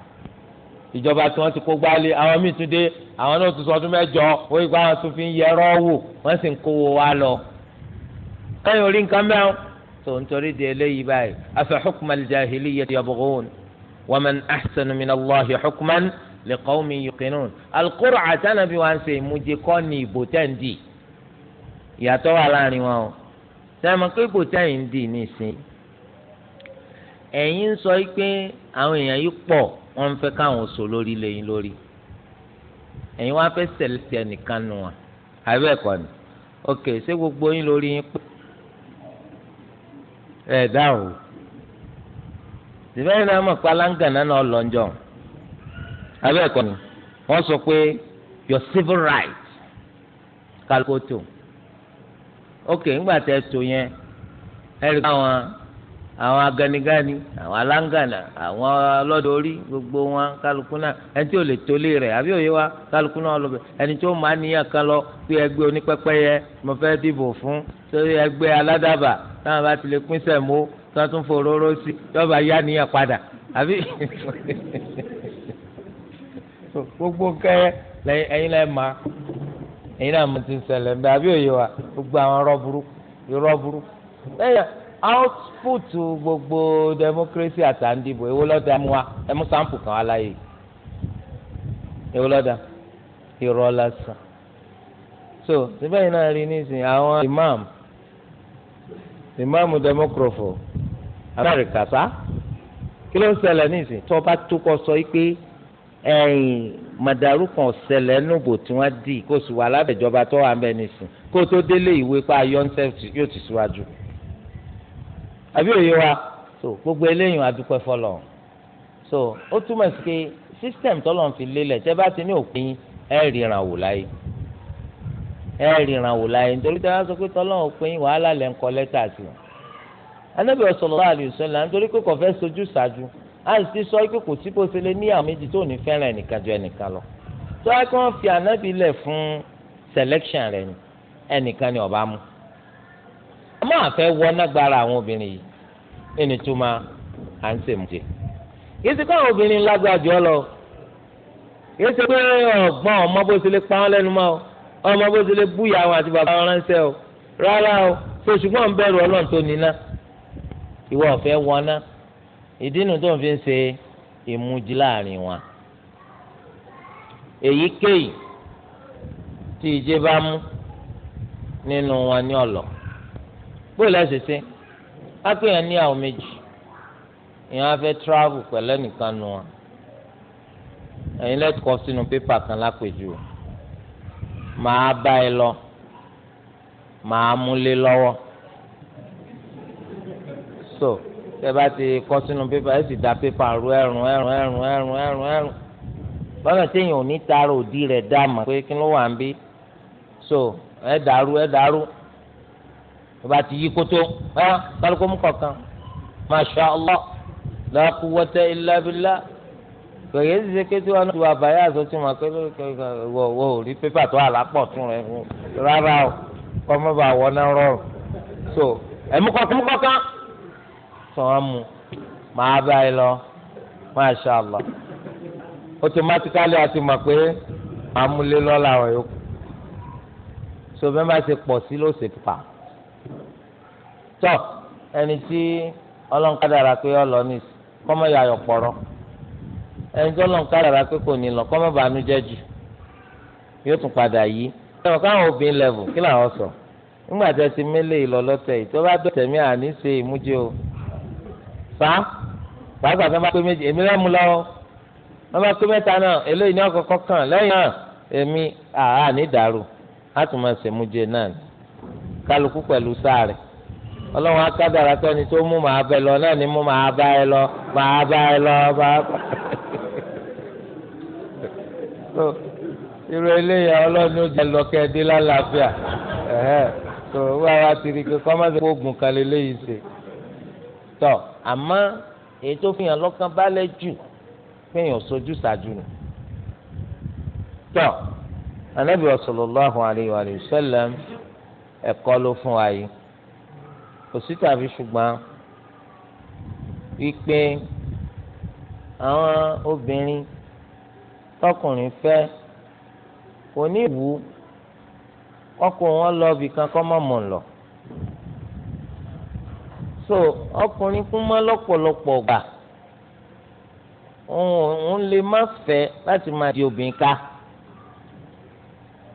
ìjọba tí wọ́n ti kó gbálẹ̀ àwọn míì tún dé àwọn náà tún sọ ọdún mẹ́jọ wọ́n ìgbà wọn tún fi ń yẹrọ wò wọ́n sì ń kówó wa lọ. kẹ́yìn orí nǹkan mẹ́rin tó ń torí di eléyìí báyìí afa hukma al-jahiliyyati yabghun wa man ahsanu min Allahi hukman liqawmin yuqinun al-qur'an àtànàbí wa ń ṣe ìmújẹ kọ́ ni ìbò tẹ̀ ń dì í ìyàtọ̀ wà láàrin wọn o sẹ́mi pé ipò tẹ́yìn ń dì nísìn ẹ̀yin ń sọ pé àwọn èèyàn yìí pọ̀ wọ́n ń fẹ́ káwọn sọ lórí lẹ́yìn lórí ẹ̀yin wá fẹ́ sẹ̀lẹ̀tì ẹnìkan nù wọn àbí ẹ̀kọ́ ni ok ṣé gbogbo yín lórí yín pé ẹ̀ dáhùn tìbẹ́yìn náà mọ̀ pé aláǹgànà náà lọ́njọ́ àbí ẹ̀kọ́ ni wọ́n sọ pé your civil rights, kálukó tó ok ńgbà tẹ so yẹn ẹrí káwọn àwọn aganigani àwọn aláǹgànà àwọn ọlọ́dọ̀ọ́rí gbogbo wọn kálukú náà ẹni tí ò lè tolé rẹ̀ àbí òye wa kálukú náà lọ bẹ ẹni tí ó máa níyàn kan lọ pé ẹgbẹ́ onípẹ́pẹ́yẹ mo fẹ́ dìbò fún sórí ẹgbẹ́ aládàbà táwọn bá ti lè pín sẹ̀mó tí wọ́n tún foróró sí yọba yá níyàn padà àbí gbogbo kẹ́ ẹ̀yin lẹ́ẹ̀ máa ẹ̀yin náà mo ti ń ṣẹlẹ̀ ń bẹ àbí òye wa gbogbo àwọn rọ́bùrú irọ́bùrú lẹ́yìn output gbogbo democracy àtàndìbò èwo lọ́dà mú wa ẹ mú sample kan wá láàyè èwo lọ́dà irọ́ lásán so síbẹ̀ yìí náà rí nísìnyí àwọn imam imam democrafo amẹ́ríkà sá kí ló ń ṣẹlẹ̀ nísìnyí tó bá tó kọ sọ yìí pé ẹ̀yìn. Madaru kan ọ̀sẹ̀lẹ̀ nùbò tí wọ́n dì kó sì wà lábẹ́jọba tó wà mẹ́ni sìn kó tó délé ìwé pa yọ̀ǹsẹ̀ yóò ti síwájú. àbí òye wa so gbogbo eléyìí adúpẹ́ fọlọ́ so ó túmọ̀ sí pé system tọ́lọ̀ fi lélẹ̀ tẹ́ bá ti ní òpin ẹ̀ ríran wò láyé ẹ̀ ríran wò láyé nítorí tẹ́ bá sọ pé tọ́lọ̀ òpin wàhálà lẹ́ ń kọ lẹ́tà sí i. anábìyọ̀ sọ̀rọ̀ láàrin ìṣẹ̀lẹ̀ nítorí pé kò fẹ́ sojú ṣáájú àìsí sọ pé kò sí bó ṣe lè ní àwọn méjì tó ní fẹ́ràn ẹnìkan ju ẹnìkan lọ tó wáá kí wọ́n fi ànábì lẹ̀ fún selection rẹ̀ ni ẹnìkan ni ọba mú àmọ́ àfẹ́ wọná gbára àwọn obìnrin yìí nínú túmọ̀ à ń sèmùtì kìí ṣe káwọn obìnrin lágbára jù ọ lọ kìí ṣe pé ọgbọ́n ọmọ bó ṣe lè pa wọn lẹ́nu mọ́ ọmọ bó ṣe lè búyà wọn àti bàbá wọn ránṣẹ́ o rárá o ṣe ṣùgbọ́n ń bẹ̀rù ọlọ́run tó níná ìwọ ọ̀fẹ́ wọná ìdí nu tó ń fi ń ṣe ìmújí láàrin wọn èyíkéyìí tí ìjẹ bá mú nínú wọn ní ọlọ bóyá ẹsẹ̀ ṣe ápèyàn ní àwọn méjì ìyẹn á fẹ́ travel pẹ̀lú ẹnìkan nu wọn ẹ̀yin lẹkọọ sínú pépà kan lápèjú màá bá ẹ lọ màá múlé lọ́wọ́ so tẹ́bá ti kọ́ sínú pépà ẹ̀ sì da pépà ru ẹ̀rùn ẹ̀rùn ẹ̀rùn ẹ̀rùn ẹ̀rùn ẹ̀rùn lọ́nà téèyàn ò ní taara òdi rẹ̀ dá mà pé kí ló wà ń bí so ẹ̀ dàrú ẹ̀ dàrú tẹ́bá ti yí kótó ẹ̀ kálukó mú kọ̀ọ̀kan masha allah la quwwata illa billah kòyè ti ṣe kété wọn tu àbáyé àsọtí wọn pé wọ wọ ò rí pépà tó àlápọ̀ tún rẹ rárá o kọ́ mọ́ bá wọ náà rọrùn so ẹ̀ mú kọ̀ọ̀kan mú kọ̀ọ̀kan. kan á mu màá bá lọ masha allah automatically a ti mọ̀ pé amúlé lọ́la wọn so bẹ́ẹ̀ bá ṣe pọ̀ sí ló ṣe pa tọ́ ẹni tí ọlọ́nkádàrà pé ọ lọ ní kọ́mọ yà yọ pọ̀rọ̀ ẹni tí ọlọ́nkádàrà pé kò ní lọ kọ́mọ bàánú jẹ́ jù yóò tún padà yí ẹ̀rọ káwọn obìnrin kí làwọn sọ nígbà tí ti mélé tó àní ṣe o. fa pàápàá fẹ́ máa pé méjì èmi rẹ́ mu lọ wọ́n bá pé mẹ́ta náà eléyìí ní ọkọ̀ kọ̀ọ̀kan lẹ́yìn náà èmi àá ní dàrú á tún máa ṣèmú jẹ náà kálukú pẹ̀lú sáré ọlọ́run akádàrà tó ni tó mú màá bẹ lọ náà ni mú màá bá ẹ lọ màá bá ẹ lọ màá bá ẹ irú eléyà ọlọ́run ó jẹ lọ́kẹ́dé lálàáfíà tó wá wá tiri pé kọ́mọ́sí kó gùn kan lélẹ́yìí ṣe tọ́ àmọ́ èyí tó fi hàn lọ́kàn balẹ̀ jù fẹ́yàn sojú ṣáájú nù. tọ́ anábì sallallahu alayhi wa sallam ẹ̀kọ́ ló fún wa yìí kò sí tàbí ṣùgbọ́n wípé àwọn obìnrin tọkùnrin fẹ́ kò ní ìwú ọkùnrin wọn lọ ibìkan kọ́ mọ̀mọ́ lọ. so ọkùnrin kún mọ́ lọ́pọ̀lọpọ̀ gbà òun lè má fẹ láti máa di obìnrin ká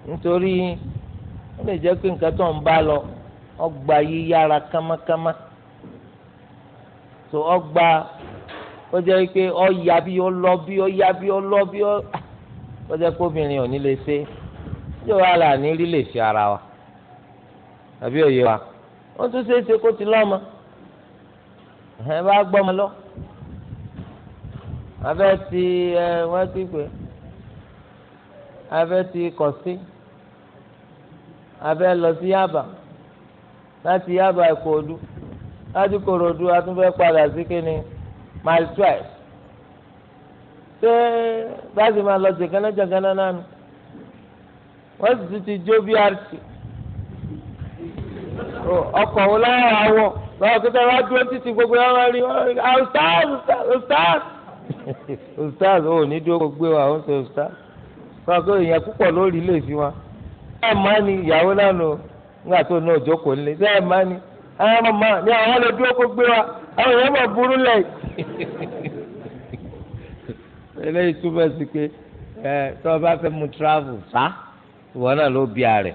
nítorí ó lè je pé nǹkan tó ń bá lọ ọgbà yíyára kámákámá so ọgbà ó jẹ́ pé ọ ya bí ọ lọ bí ya bí ọ lọ bí ọ ó jẹ́ pé obìnrin ò ní lè ṣe yóò wá là ní fi ara wa àbí òye wa wọ́n tún ṣe é ṣe kó ti ẹ bá gbọ́ mi lọ abẹ́ ti ẹ wọ́n ti pè abẹ́ ti kọ̀ sí abẹ́ lọ sí Yaba láti Yaba Ìkòròdú láti Ìkòròdú a tún fẹ́ padà sí kíni mile twelve ṣé báyìí máa lọ jẹ̀gánná jẹ̀gánná náà nù wọ́n sì ti jó BRT ọkọ̀ wo láwọn àwọ̀ báwo kí sẹ́wọ́n dúró títí gbogbo ẹ̀ wọ́n rí ah, ustaz ustaz ustaz ò ní dúró gbé wa ó ń sọ ustaz báwo kí èèyàn púpọ̀ lórí ilé ìfi wa. ṣé ẹ̀ máa ní ìyàwó náà nù nígbà tó náà jókòó nílé ṣé ẹ̀ máa ní àwọn ah, ọmọ máa ní àwọn lè dúró kó gbé wa àwọn èèyàn máa burú lẹ̀. eléyìí túbọ̀ sí pé ẹ tó o bá fẹ́ mu travel sá ìwọ náà ló bí ààrẹ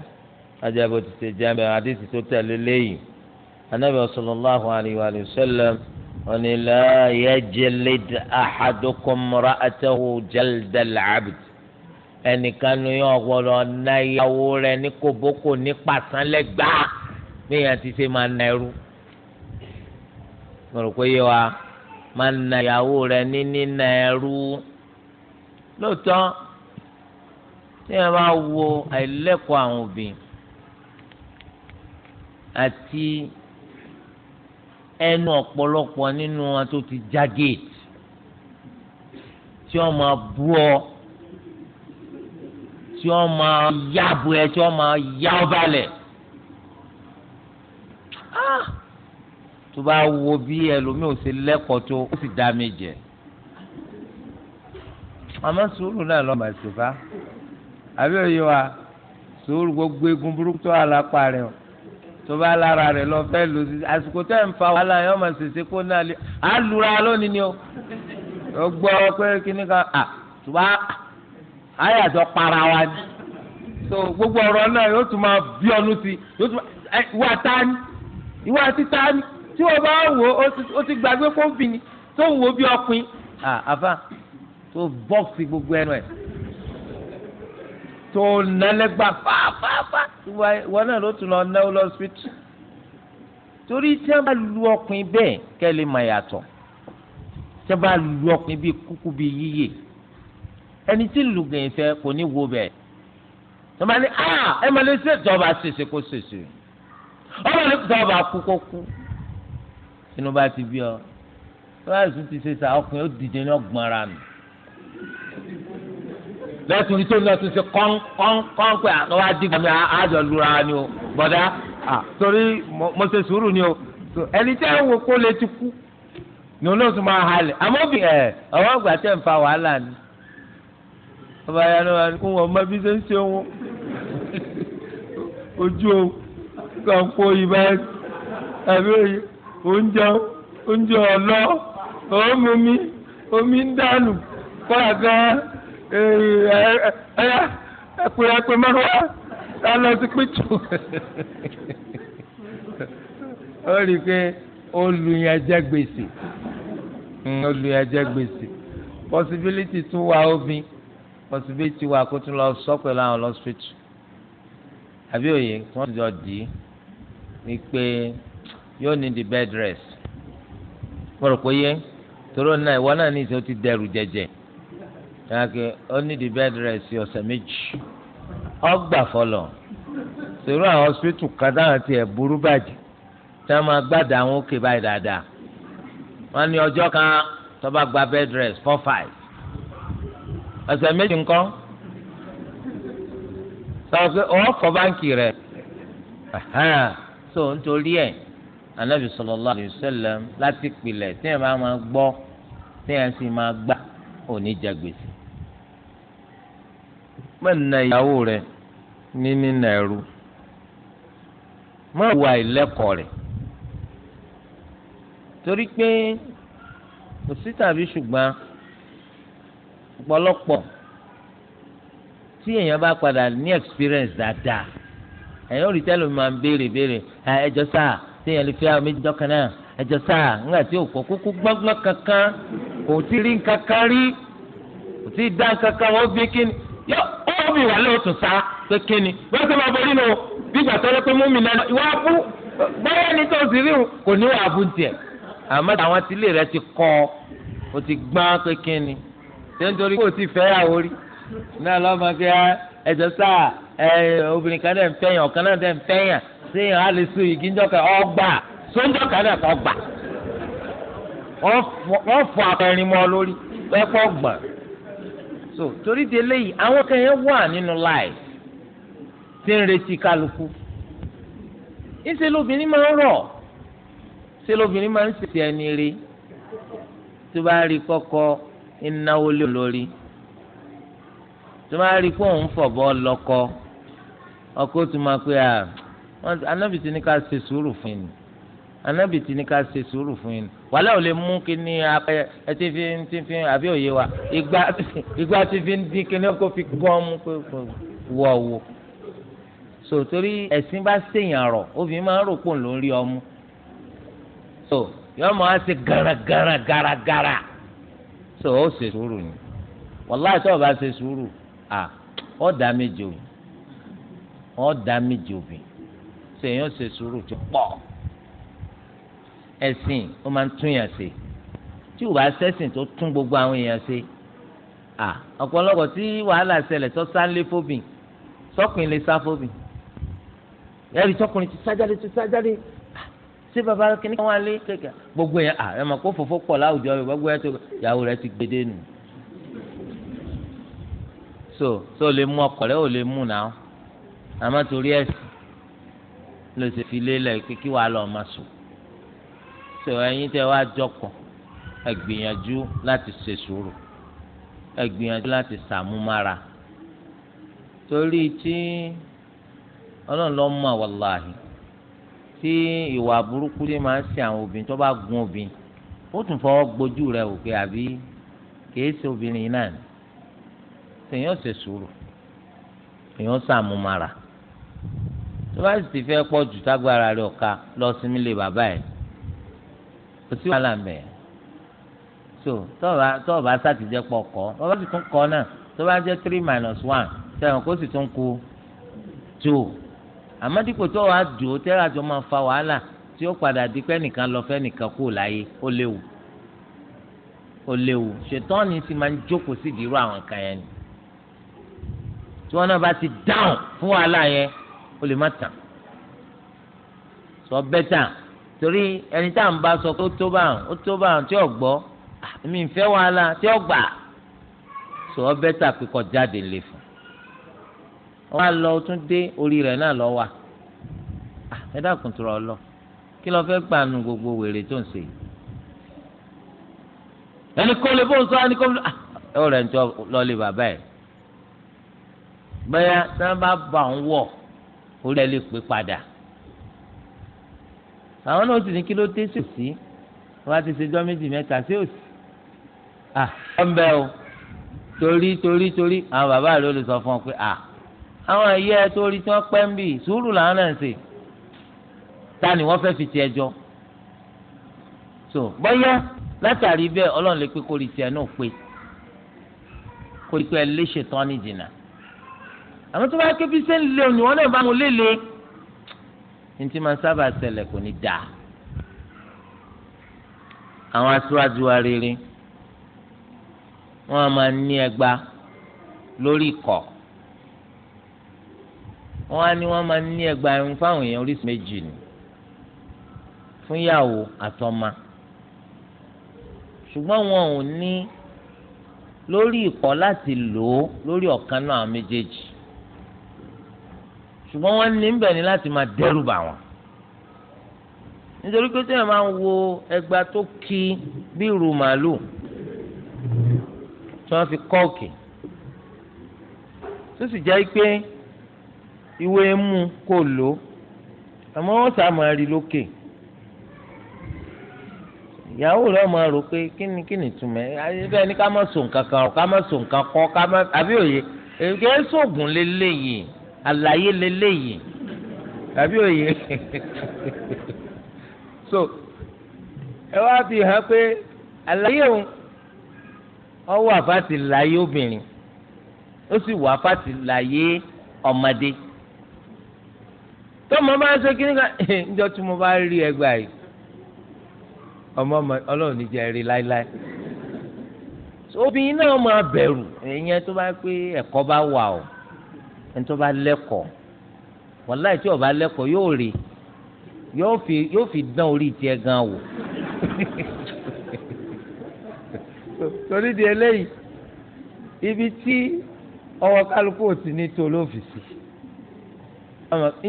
ajá bó ti ṣe jẹ́ àdéhùn tó tẹ̀lé léyìí anabi sallallahu alayhi wa sallam wani la yajlid ahadukum ra'atahu jaldal abd ẹnìkan ní yóò gbọ́dọ̀ na ìyàwó rẹ̀ ní kòbókò ní pàṣánlẹ́gbà níyàn ti ṣe máa na ẹrú mo rò pé yé wa máa na ìyàwó rẹ̀ ní nína ẹrú lóòótọ́ tí bá wo àìlẹ́kọ̀ọ́ àwọn òbí àti ẹnu ọ̀pọ̀lọpọ̀ nínú wọn tó ti já gate tí wọ́n máa bú ọ tí wọ́n máa yáàbò ẹ tí wọ́n máa yá ọ balẹ̀ ah! tó bá wo bí ẹlòmíì ò ṣe lẹ́kọ̀ọ́ tó ó sì dá mi jẹ àmọ́ sùúrù náà lọ́ọ́ màṣẹ́fà àbí òye wa sùúrù gbogbo egun burúkú tó wà lápá rẹ̀ o tó bá lára rẹ̀ lọ fẹ́ lò sí àsìkò tẹ́ ń fa wàhálà yẹn ọmọ ṣèṣe kó náà lé àlùra lónìí ni o ó gbọ́ pé kíní kan à tó bá àyàtọ̀ para wa ni so gbogbo ọ̀rọ̀ náà yóò tún máa bí ọnu sí yóò tún máa ìwà tani ìwà títa ni tí o bá wò ó ti gbàgbé kó bì ní tó ń wo bí ọpin àfa tó bọ́ọ̀sì gbogbo ẹnu ẹ̀ tó nálẹ́gbà fáfáfá ìwọ náà ló tún lọ náwó lọ́sibítù torí tí wọ́n bá lu ọkùnrin bẹ́ẹ̀ kẹ́ lè máa yàtọ̀ tí wọ́n bá lu ọkùnrin bíi kúkú bíi yíyè ẹni tí lùgàn ìfẹ́ kò ní wo bẹ́ẹ̀ tí wọ́n bá ní ah, ẹ máa lè ṣe ìjọba ṣèṣe kó ṣèṣe ọmọ ní ìjọba kú kó kú inú bá ti bí ọ wọ́n á sùn ti ṣe sá ọkùnrin ó dìde ní ọgbọ́n nù. lẹ́tùn ní tóun náà tún ṣe kọ́n kọ́n kọ́n pé àná wá mi àjọ lura ni o bọ̀dá torí mo ṣe sùúrù ni o ẹni tẹ́ ń wo lè ti kú ni olóòtú máa halẹ̀ àmọ́ ẹ̀ ọ̀wọ́ àgbà tẹ̀ ń ni ọba ya ni wọn wọn mọ bí ṣe ń ṣe wọn o kàn kó ibà ẹbí oúnjẹ oúnjẹ ọlọ òun mi ẹ̀pẹ̀ ẹ̀pẹ̀ mẹ́wàá lọ sí pítù ó rí i pé olùyànjẹ gbèsè olùyànjẹ gbèsè possibility tún wà obìn possibility wà kó tún lọ sọ pẹ̀lú àwọn lọ́sítítù àbí òye tí wọ́n ti jọ dì í ni pé yóò ní bed rest mo rò pé yé toró náà ìwọ náà ní ìṣe ó yàtọ̀ ó ní di bed rest ọ̀sẹ̀ méjì ọgbà fọlọ̀ sèrú àwọn hospital kan táwọn tiẹ̀ burú bàjẹ́ tí wọ́n máa gbàdá àwọn òkè báyìí dáadáa wọ́n ní ọjọ́ kan tó bá gba bed rest four five ọ̀sẹ̀ méjì ńkọ́ sọ̀rọ̀ pé ọ̀hún kọ́ báńkì rẹ̀ so nítorí ẹ̀ anabi sallallahu alayhi wa sallam láti pilẹ̀ tí ẹ bá máa gbọ́ tí ẹ sì máa gbà ò ní jẹ gbèsè má na ìyàwó rẹ ní nínà ẹrú má wà ìlẹ́kọ̀ọ́ rẹ̀ torí pé kò sí tàbí ṣùgbọ́n ọ̀pọ̀lọpọ̀ tí èèyàn bá padà ní experience dáadáa èèyàn ò rí tẹ́lẹ̀ mi máa ń béèrè béèrè ẹjọ́ sáà tí èèyàn lè fi àwọn méjì dọ́kan náà ẹjọ́ sáà ńgbà tí òkò kúkú gbọ́ngbọ́n kankan kò tí rí nǹkan kan rí kò tí dá nǹkan kan wọ́n bí kíni yọ bá mi wà lóòótọ́ sá pé kíni bẹ́ẹ̀ sọ ma borí lọ bí gbàtọ́ lọ pé mú mi náà ìwà bú báyọ̀ ní tó sì rí o kò ní wàá bú tiẹ̀ àmọ́ àwọn tilé rẹ ti kọ́ o ti gbọ́n pé kíni ṣé nítorí kò tí fẹ́ yàwó rí náà lọ́mọ kí ah, ẹ̀jẹ̀ sáà obìnrin kan dẹ̀ ń fẹ́yàn ọ̀kan náà dẹ̀ ń fẹ́yàn séèyàn á lè so igi ńjọ́ka ọgbà sóńjọ́ka náà kọ́ gbà wọ́n fọ àpẹẹrin mọ́ lórí ẹ̀pọ̀ gbọ̀n so torí de léyìí àwọn kan yẹn wà nínú láì tí ń retí kálukú ńṣe lóbìnrin máa ń rọ̀ ṣe lóbìnrin máa ń ṣèṣe ẹni rí tó bá rí kọ́kọ́ ìnáwó lórí tó bá rí kó òun fọ̀bọ́ lọ́kọ́ ọkọ tó máa pé à wọn anábìtì ní ká ṣe sùúrù fún mi anabi ti ní ká ṣe sùúrù fún yín wàhálà ò lè mú kí ni ẹ ti fi ti fi àbí òye wa ìgbà ìgbà ti fi ń dín kíní kó fi gbọ́n mú kó wọ̀ wò so torí ẹ̀sìn bá ṣèyàn rọ̀ obìnrin máa ń rò pò ló ọmú so yọọ máa ṣe garagara garagara so ó ṣe sùúrù ni wàhálà tó o bá ṣe sùúrù à ó dá méje òbí ó dá méje òbí so èèyàn ṣe sùúrù ti pọ̀ ẹ̀sìn ó máa ń tún yàn ṣe tí ò bá sẹ́sìn tó tún gbogbo àwọn èèyàn ṣe à ọ̀pọ̀lọpọ̀ tí wàhálà ṣẹlẹ̀ tó sáńlé fóbìn sọ́kùnrin lè sá fóbìn ẹ̀rí sọ́kùnrin ti sájáde ti sájáde ṣé baba kìíní kan wà lé kéka gbogbo yẹn à ẹ̀ mọ̀ kó fòfó pọ̀ láwùjọ rẹ̀ gbogbo yẹn tó yàwó rẹ̀ ti gbèdé nù so so lè mú ọkọ̀ rẹ̀ ò lè mú nà ó àmọ́ torí ẹ̀sìn ló ṣe fi lélẹ̀ pé kí wàá lọ́ọ́ máa sùn sọ ẹ̀yin tẹ́ wá jókòó ẹ gbìyànjú láti ṣe sùúrù ẹ gbìyànjú láti ṣàmúmára torí tí ọlọ́run ló mọ̀ wàláhì tí ìwà burúkú tí máa ń ṣe àwọn obìnrin tó bá gun obìnrin ó tún fọwọ́ gbójú rẹ̀ òkè àbí kìí ṣe obìnrin náà ni èèyàn ṣe sùúrù èèyàn ṣàmúmára tó bá sì ti fẹ́ pọ̀ jù tágbára rẹ̀ ọ̀ka lọ sinmi lé bàbá ẹ̀ kò sí wàhálà mẹ so tọ́ọ̀bà tọ́ọ̀bà sátìjẹ́ pọ̀ kọ́ bàbá sì tún kọ́ náà tó bá jẹ́ three minus one sẹ́wọ̀n kó sì tún kù two àmọ́ dípò tó wàá dùn ó tẹ́lá tó máa fa wàhálà tí ó padà di pé nìkan lọ fẹ́ nìkan kú láyé ó léwu ó léwu ṣètọ́ni sì máa ń jókòó sí ìdírò àwọn kan yẹn ni tí wọn náà bá ti dáhùn fún wàhálà yẹn ó lè má tàn sọ bẹ́tà torí ẹni tá à ń bá sọ pé ó tó báwọn ó tó báwọn tí ò gbọ́ mi ń fẹ́ wàhálà tí ò gbà sọ ọ bẹ́tà kíkọ jáde lè fún wọn á lọ tún dé orí rẹ̀ náà lọ wà ah, ẹ dákun tó rọ lọ kí lọ fẹ́ gbà nu gbogbo wèrè tó ń ṣe yìí ẹni kó lè fóun sọ ẹni kó lè ẹ ń tọ́ ah, lọ́ọ́lẹ̀ bàbá ẹ̀ bẹ́ẹ̀ tí bá òun wọ̀ orí ẹ lè pé padà àwọn náà sì ní kí ló dé sí òsì wọn á ti ṣe jọ méjì mẹ́ta sí òsì à ọ̀nbẹ o torí torí torí àwọn bàbá rẹ olùsọ fún ọ pé à àwọn ẹyẹ torí tí wọn pẹ́ ń bì sùúrù làwọn náà ń ṣe ta ni wọ́n fẹ́ fi tiẹ̀ jọ so bọ́yá látàrí bẹ́ẹ̀ ọlọ́run lè pé kórì tiẹ̀ náà pé kórì pé ẹ léṣe tán ní jìnnà àwọn tó bá ké bí sẹ́ńlẹ̀ òní wọn náà bá wọn lélẹ̀ẹ́ ntí máa sábà ṣẹlẹ̀ kò ní dáa àwọn aṣáájú wa rere wọn a máa ní ẹgba lórí ikọ̀ wọn á ní wọn máa ní ẹgba irun fáwọn èèyàn oríṣi méjì ni fún ìyàwó àtọmọ ṣùgbọ́n wọn ò ní lórí ikọ̀ láti lò ó lórí ọ̀kan náà méjèèjì ṣùgbọ́n wọ́n ní bẹ̀ ni láti máa dẹ́rù bà wọ́n nítorí pé sẹ́yìn máa ń wo ẹgba tó kí bí ìrù màálù tí wọ́n fi kọ́ òkè tó sì jẹ́ pé ìwé mú kò lò àmọ́ wọ́n sá máa rí lókè ìyàwó rẹ̀ máa rò pé kíni kíni túmẹ̀ bẹ́ẹ̀ ni ká má so nǹkan kan ká má so nǹkan kọ́ ká má àbí òye èké sóògùn lélẹ́yìí. àlàyé lélẹ́yìn tàbí òye so ẹ wá fi hàn pé àlàyé òun ó wà láyé obìnrin ó sì wà fáti láyé ọmọdé tọmọ bá ń ṣe kí nígbà níjọ́ tí mo bá rí ẹgbàá yìí ọmọ Ọlọ́run ní jẹ rí láéláé obìnrin náà máa bẹ̀rù ẹ̀yẹn tó bá pé ẹ̀kọ́ bá wà o. ẹni tó bá lẹ́kọ̀ọ́ wàláì tí ó bá lẹ́kọ̀ọ́ yóò rí yóò fi yóò fi dán orí tiẹ̀ gan wò torí di eléyìí ibi tí ọwọ́ kálukú ò ti ní tó lọ́fíìsì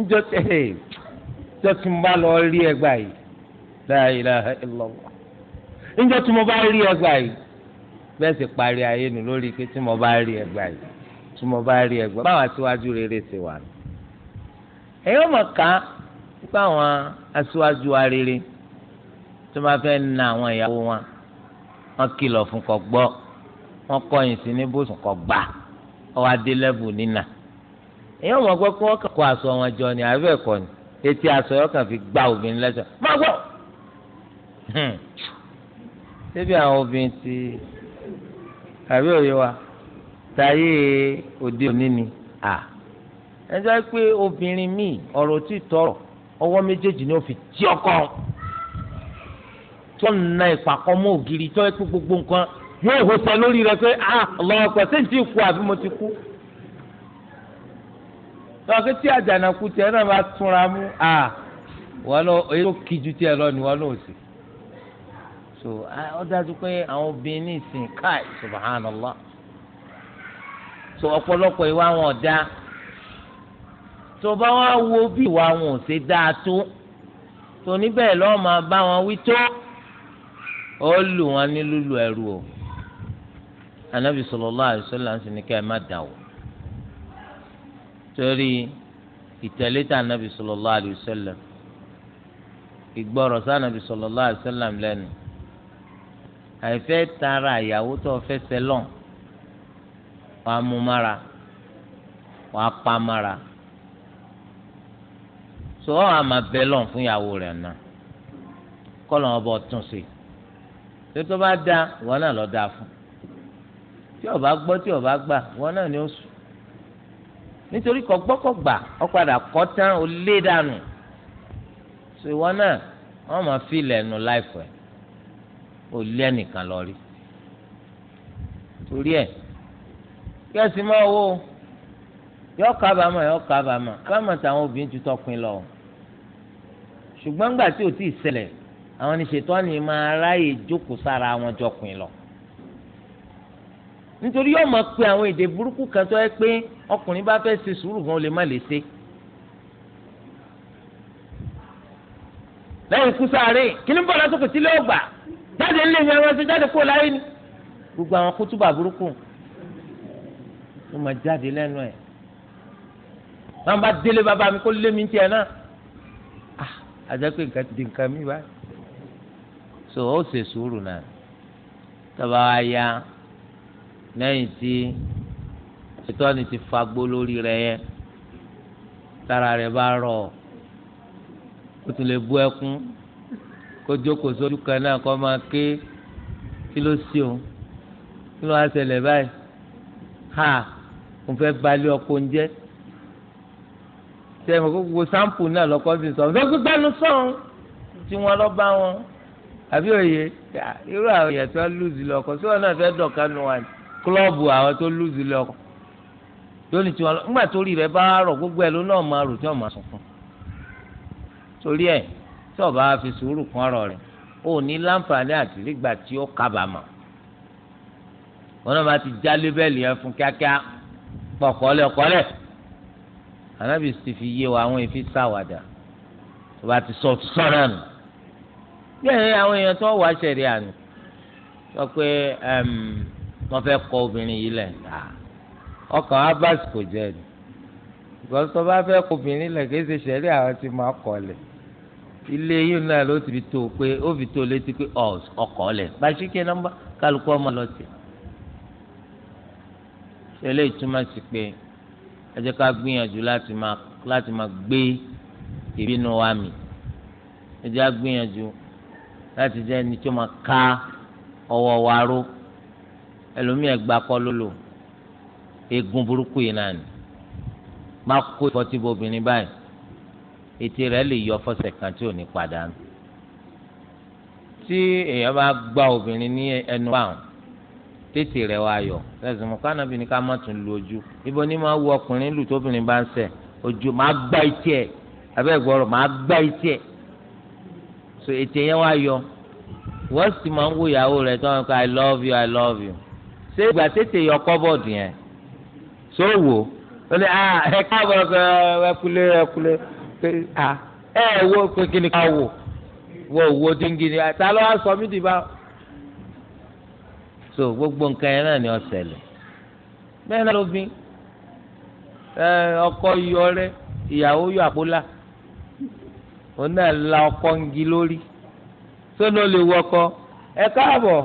njọ tẹ njọ mo bá lọ rí ẹgbàá yìí la ilaha illallah njọ tí mo bá rí ẹgbàá yìí bẹ́ẹ̀ sì parí ayé nu lórí pé tí mo bá rí ẹgbàá yìí tí mo bá rí ẹgbẹ́ báwọn aṣíwájú rere ṣe wà ní. ẹ̀yin ọmọ ká nípa àwọn aṣíwájú wa rere tó máa fẹ́ na àwọn ìyàwó wọn wọ́n kìlọ̀ fún kọ́ gbọ́ wọ́n kọ̀yìn sí ní bùsùn kọ́ gbà ọwọ́ adé lẹ́bù nínà. ẹ̀yin ọmọ gbọ́ pé wọ́n kàn kó aṣọ wọn jọ ní àbẹ́ ẹ̀kọ́ ni etí aṣọ yọ kàn fi gbá obìnrin lẹ́sẹ̀ máa gbọ́. Hmm. ṣé bí àwọn obìnrin ti àbí òye wa táyé òde òní ni à ẹ jẹ́ pé obìnrin míì ọ̀rọ̀ tí tọrọ ọwọ́ méjèèjì ni ó fi tí ọkọ tó na ìpàkọ́ mọ́ ògiri tó ẹ pé gbogbo nǹkan yóò hó sọ lórí rẹ pé à lọ́wọ́ pẹ̀ sí ti kú àbí mo ti kú lọ́kẹ́ tí àjànàkú tiẹ̀ náà bá túnra mú à wọn lọ èyí tó kíjú tiẹ̀ lọ ni wọn lọ sí so ọ dájú pé àwọn obìnrin ní ìsìn káì subhanallah so ọ̀pọ̀lọpọ̀ ìwà wọn ọ̀dá tó bá wá wo bí ìwà wọn ò ṣe dáa tó tó níbẹ̀ lọ́ọ́ máa bá wọn wí tó ó lù wọn ní lùlù ẹrù o anabi sallallahu alaihi wasallam ń sìn ká ẹ má dà o torí ìtẹ̀lé tá anabi sallallahu alaihi wasallam ìgbọ́rọ̀ sí anabi sallallahu alaihi wasallam lẹ́nu àìfẹ́ tara ìyàwó tó fẹ́ sẹ́lọ̀n wàá mú mára wàá pa mára so ọ àmà bẹ́ẹ̀ lọ́n fún ìyàwó rẹ̀ náà kọ́ lọ́n ọba ọ̀tún sí i tó tó bá da ìwọ náà lọ́ọ́ da fún tí ọba gbọ́ tí ọba gbà ìwọ náà ni ó sùn nítorí kọ́ gbọ́kọ̀ gbà ọ padà kọ́ tán ó lé dànù so ìwọ náà wọ́n máa fi ilẹ̀ nu láìpẹ́ ó lé ẹnìkan lọ rí torí ẹ̀ kẹ́sì máa wo yọ kábàámọ̀ yọ kábàámọ̀ kábàámọ̀ táwọn obìnrin ti tọpin lọ ṣùgbọ́n nígbà tí ò tí ì ṣẹlẹ̀ àwọn ni ṣètọ́ni máa ráyè jókòó sára wọn jọpin lọ nítorí yóò máa pe àwọn èdè burúkú kan tó yẹ pé ọkùnrin bá fẹ́ ṣe sùúrù gan ó lè má lè ṣe. lẹ́yìn kú sáré kíní bọ́ọ̀lù àtúkù sílé ọgbà jáde ńlẹ̀ yẹn wọ́n ṣe jáde kó láyé ni gbogbo àwọn kútùbà burúkú ló máa jáde lẹ́nu ẹ̀ wọn bá délé bàbá mi kó lé mi tiẹ̀ náà ah àjẹpé nǹkan di nǹkan mi báyìí so ó ṣe sùúrù náà tọ́ba wa ya lẹ́yìn tí ìtọ́ni ti fagbó lórí rẹ̀ yẹn tára rẹ̀ bá rọ̀ ó tún lè bú ẹkún kó jókòó sójú kan náà kó máa ké kí ló sí òun kí ló wá ṣẹlẹ̀ báyìí ha mo fẹ́ gbalẹ̀ ọkọ oúnjẹ sẹ́yìn gbogbo sampo náà lọ́kọ́ sí sọ fẹ́ gbígbánu sọ̀rọ̀ tí wọ́n lọ bá wọn àbí òye irú àwọn èèyàn tó lùzì lọ́kọ̀ sí wọn náà fẹ́ dọ̀ka nù wọn kílọ̀bù àwọn tó lùzì lọ́kọ̀ lónìí tí wọn lọ ńgbà torí rẹ bá rọ gbogbo ẹ̀ ló náà máa rò tí wọn máa sunkún torí ẹ̀ tí ọba fi sùúrù kan rọ rẹ ó ní láǹfààní àtìrígbà tí ó kábàámọ̀ wọn náà bá ti já lébẹ́lì yẹn fún kíákíá pọ̀ kọ́lẹ̀ kọ́lẹ̀ anábì sì fi yé wa àwọn èéfín sáwàdà tó bá ti sọ sọ́nà nù bẹ́ẹ̀ àwọn èèyàn tó wà ṣẹ̀rí àná sọ pé wọ́n fẹ́ kọ obìnrin yìí lẹ̀ ọkàn abas kò jẹ́ ni gbọ́sọ̀ bá fẹ́ kọ obìnrin lẹ̀ kì í ṣe ṣẹ̀rí àwọn tí máa kọ lẹ̀ ilé yìí náà ló ti fi tó pé ó fi tó létí pé ọkọ̀ lẹ̀ bá ṣíkẹ́ nọ́mbà ọmọ lọ tiẹ̀ ṣẹlẹ̀ ìtumọ̀ sí pé ẹ jẹ́ ká gbìyànjú láti máa láti máa gbé ìbínú wa mì ẹ jẹ́ ká gbìyànjú láti jẹ́ ẹni tó máa ká ọwọ́ wa ró ẹlòmíì ẹgbà kọ́ ló lò egun burúkú yìí náà ni má kó ìfọ́tí obìnrin báyìí ètè rẹ̀ lè yọ fọ́sẹ̀ kan tí ò ní padà tí èèyàn bá gba obìnrin ní ẹnu báwọn tètè rẹ wá yọ lẹsìn mọ kánà bí ni ká má tún lu ojú ibo ni máa wu ọkùnrin lù tóbìnrin bá ń ṣe ojú máa gbá etí ẹ abẹ́ ìgbọ́rọ̀ máa gbá etí ẹ so ètè yẹn wá yọ wọ́n sì máa ń wo ìyàwó rẹ̀ tó ń kọ́ i love you i love you ṣé ìgbà tètè yọ kọ́bọ̀dù yẹn ṣó wò ó ní ah, ẹ káàbọ̀ ẹkulé ẹkulé ah, ẹ wo kékeré ká wò wọ́n wo díngì ni ta ló wá sọ mí dìbà so gbogbo nǹkan yẹn náà ni ó ṣẹlẹ̀ bẹ́ẹ̀ náà lóbi ẹ ọkọ yọ rẹ ìyàwó yọ àpólà òun náà la ọkọ ń gi lórí sónà lè wọ ọkọ ẹ káàbọ̀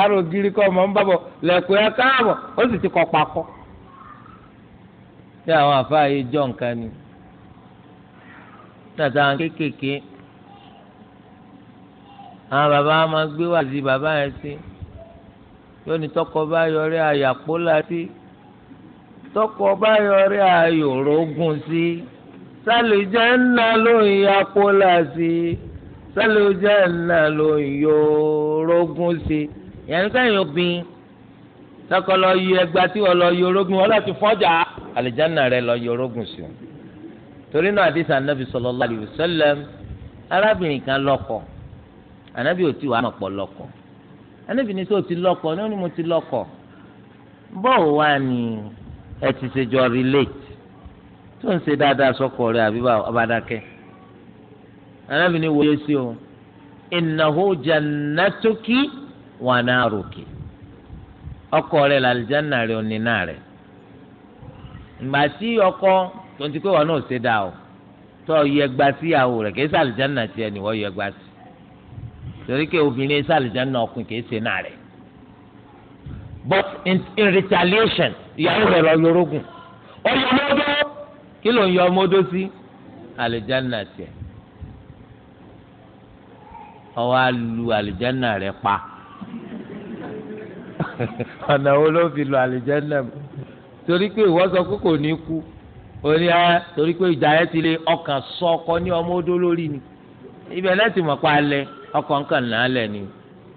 ẹ̀rọ gírí kọ́ ọmọ ń bàbọ̀ lẹ́kọ̀ọ́ ẹ káàbọ̀ ó sì ti kọ́ pakọ́ tí àwọn àfáàyè jọ nǹkan ni tàtà kéékèèké àwọn bàbá máa gbé wá sí bàbá yẹn sí yóò ní tọkọ bá yọrí àyàpó láti tọkọ bá yọrí àyòrò ogun sí sálùjẹ ńnà ló ń yàpó láti sálùjẹ ńnà ló ń yòrò ogun sí yẹn káyọ̀ bíi tọkọ lọ yọ ẹgba tí wọn lọ yọ orógùn wọn láti fọjà àlìjáná rẹ lọ yọ orógùn sí o torí náà àdìsí anabi sallallahu alaihi wasallam arábìnrin kan lọ́kọ anabi ò tí wàá mọ̀ pọ̀ lọ́kọ. Ànábì ní sọ ti lọ́kọ ní ó mo ti lọ́kọ bọ́ọ̀ wá ni ẹ ti ṣe jọ relate tó ń ṣe dáadáa sọ́kọ rẹ̀ àbí abadakẹ́ Ànábì ní wòye sí o innahu jannatuki wa naruki ọkọ rẹ̀ làlìjánà rẹ̀ ònínà rẹ̀ ìgbà tí ọkọ tó ń ti pé wọn náà ṣe dáa o tó yẹ gba síyàwó rẹ̀ kì í sàlìjánà tiẹ̀ ni wọ́n yẹ gba sí torí pé obìnrin ẹsẹ àlùjáná ọkùn kìí ṣe náà rẹ but in, in retaliation ìyàwó rẹ lọ yorógùn ọyọmọdó kí ló ń yọ ọmọdó sí àlùjáná tiẹ ọwọ alu àlùjáná rẹ pa ọ̀nà wo ló fi lu àlùjáná mu torí pé ìwọ sọ pé kò ní kú orí ẹ ah, torí pé ìjà ẹ ti lé ọkàn sọ ọkọ ní ọmọdó lórí ni ibẹ̀ náà ti mọ̀ pa alẹ́. ọkàn kan náà lẹ̀ ni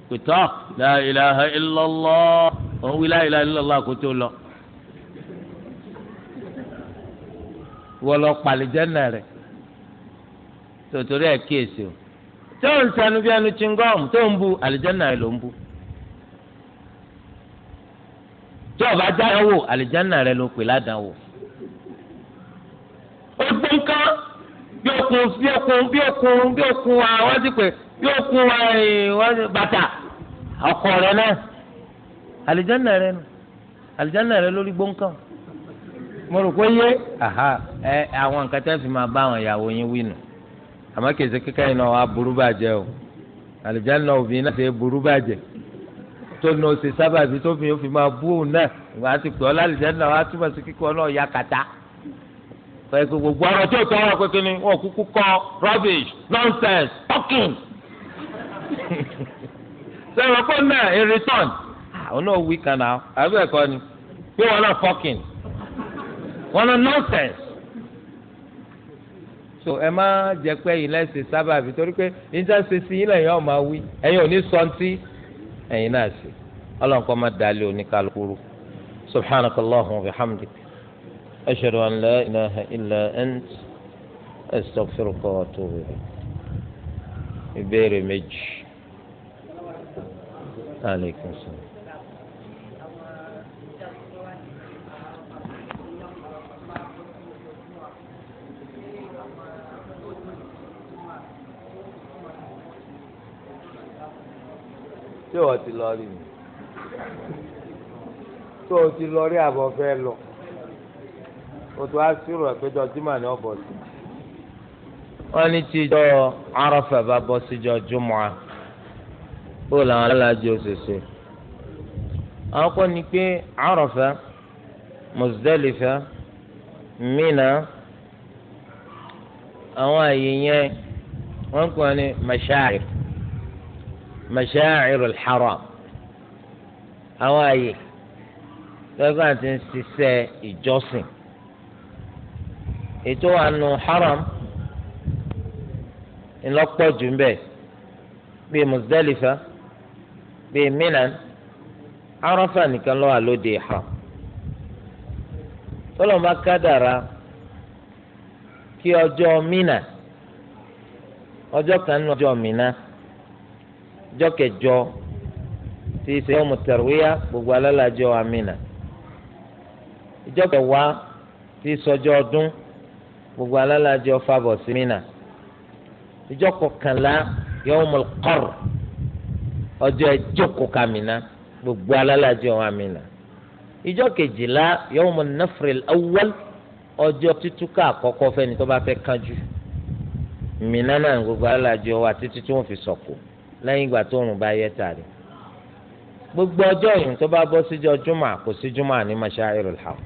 pẹ̀tọ́ la ilaha illallah òun wí la ilaha àkótó lọ. wọ́n lọ pàlìjẹ́nà rẹ̀ tòtòrí ẹ̀ kíyèsí o tó ń sanu bí ẹnu chingom tó ń bu àlìjẹ́nà rẹ̀ ló ń bu tó o bá dáwọ́ àlìjẹ́nà rẹ̀ ló pè ó gbọ́n bí okun bí okun bí okun bí okun àwọn ti pè yóò kún eh, wa bàtà ọkọ rẹ náà àlìjáná rẹ nù àlìjáná rẹ lórí gbóǹkàn mo rò pé yé àwọn nǹkan tẹ́ fi máa bá àwọn ìyàwó yín wí nù àmọ́ kèsì kíkà yìí náà wà burú bàjẹ́ o àlìjáná obìnrin náà ṣe burú bàjẹ́ tó ní oṣù sábàbí tó fi òfin máa bú òun náà ìgbà àti pé ọlá àlìjáná wa túbọ̀ sí kíkọ́ náà ya kàtá gbogbo ọ̀rọ̀ tí tọ́ ọ̀rọ̀ pé kí ni wọ́n kúkú kọ́ rubbish nonsense talking sọ̀rọ̀ pé náà in return àwọn náà wí kan náà àbí ẹ̀kọ́ ni pé wọn náà fọ́kìn wọn náà nonsense. so ẹ má jẹ pé ẹ̀yin lẹ́sìn sábà bí torí pé níta ṣe sí yín lẹ́yìn ọ̀ máa wí ẹ̀yin ò ní sọ ntí ẹ̀yin náà ṣe ọlọ́run kọ́ máa dalẹ̀ oníkálukú rú subhanak allahumma wa bihamdik ashhadu an la ilaha illa ant astaghfiruka wa atubu ilayk ìbéèrè aleykum salaam. tí o ti lọ rí mi tí o ti lọ rí àbọ̀ fẹ́ lọ o tó a sírò ẹ̀pẹ́jọ jimá ni ọ bọ̀ sí. wọ́n ní tí ìjọ Àrafà bá bọ́ síjọ jùmọ̀ a bó làwọn alálàájì òṣèṣe àwọn kọ́ ni pé Àràfà Muzdalifa Mina àwọn àyè yẹn wọ́n kọ́ ni mashaa'ir mashaa'ir al-haram àwọn àyè lọ́gbà tí ń ṣiṣẹ́ ìjọsìn ètò àánú haram ńlọ́pọ̀ jù ń bẹ̀ bíi Muzdalifa. bíi minan arafa nìkan ló wà lóde haram tọ́lọ́mà kádàrá kí ọjọ́ mina ọjọ́ kan nínú ọjọ́ mina ọjọ́ kẹjọ tí ṣe ọmọ tẹ̀wéyà gbogbo alálàjọ amina ọjọ́ kẹwàá tí sọjọ́ ọdún gbogbo alálàjọ fàbọ̀ sí mina ọjọ́ kọkànlá yọmọ kọ́rọ̀. ọjọ́ ẹ jókòó ka Mina gbogbo alálàájì wọn Mina ìjọ kejìlá yawmu nafril awwal ọjọ́ títúkà àkọ́kọ́ fẹ́ni tó bá fẹ́ kánjú Mina náà gbogbo alálàájì wọn àtítí tí wọ́n fi sọ̀kò lẹ́yìn ìgbà tó rùn bá yẹ tààrí gbogbo ọjọ́ yìí tó bá bọ́ síjọ́ jùmọ̀ kò sí jùmọ̀ ní mashairul haq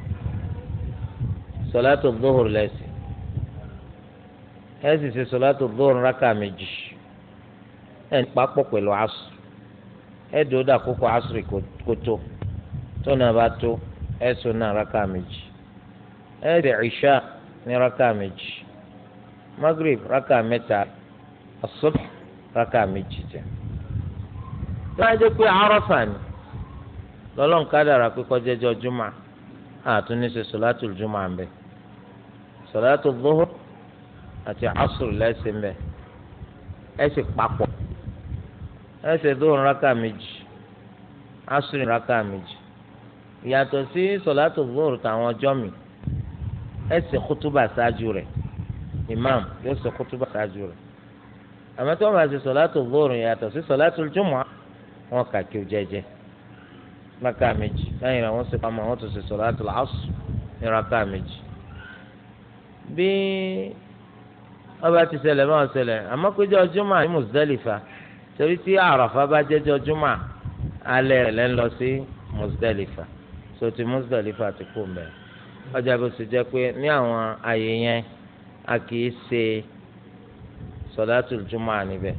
sọlátò dóhùr lẹ́sìn ẹ sì ṣe sọlátò dóhùr rákà méjì ẹ̀ ń papọ̀ asùn ẹ̀dùn ó dàkókò asiri kò tó tó náà bá tó ẹ̀sùn náà rákà méjì ẹ̀dẹ̀ ìṣá ní rákà méjì magrib raka mẹ́ta asub raka méjì jẹ. láti jẹ́ pé arọ́fà ni lọ́lọ́n kádàrà pé kọjẹ́jọ́ jùmọ̀ àtún ní ṣe sọ́látù jùmọ̀ àmbẹ̀ sọ́látù dhuhur àti asùr lẹ́sìn bẹ́ẹ̀ ẹ̀ sì papọ̀ ẹsẹ̀ dóorùn rákà méjì asùrìn rákà méjì ìyàtọ̀ sí sọ̀látò dóorùn táwọn ọjọ́ mi ẹsẹ̀ kútúbà ṣáájú rẹ̀ imam yóò ṣe kútúbà ṣáájú rẹ̀ àmọ́ tí wọ́n bá ṣe sọ̀látò dóorùn yàtọ̀ sí sọ̀látò jùmọ̀ wọn kà kí o jẹjẹ rákà méjì lẹ́yìn àwọn ṣe pamọ́ àwọn ṣe sọ̀látò làásù ní méjì bí wọ́n bá ti ṣẹlẹ̀ bá wọn ṣẹlẹ̀ àmọ́ péjọ jùmọ̀ ní Muzdalifa torí tí àràfà bá jẹ́jọ́ júmọ̀ alẹ́ rẹ̀ lẹ́ ń lọ sí Muzdalifa so ti Muzdalifa ti kú mẹ́ ọjà bó ti jẹ́ pé ní àwọn àyè yẹn a kì í ṣe sọ̀dátù júmọ̀ níbẹ̀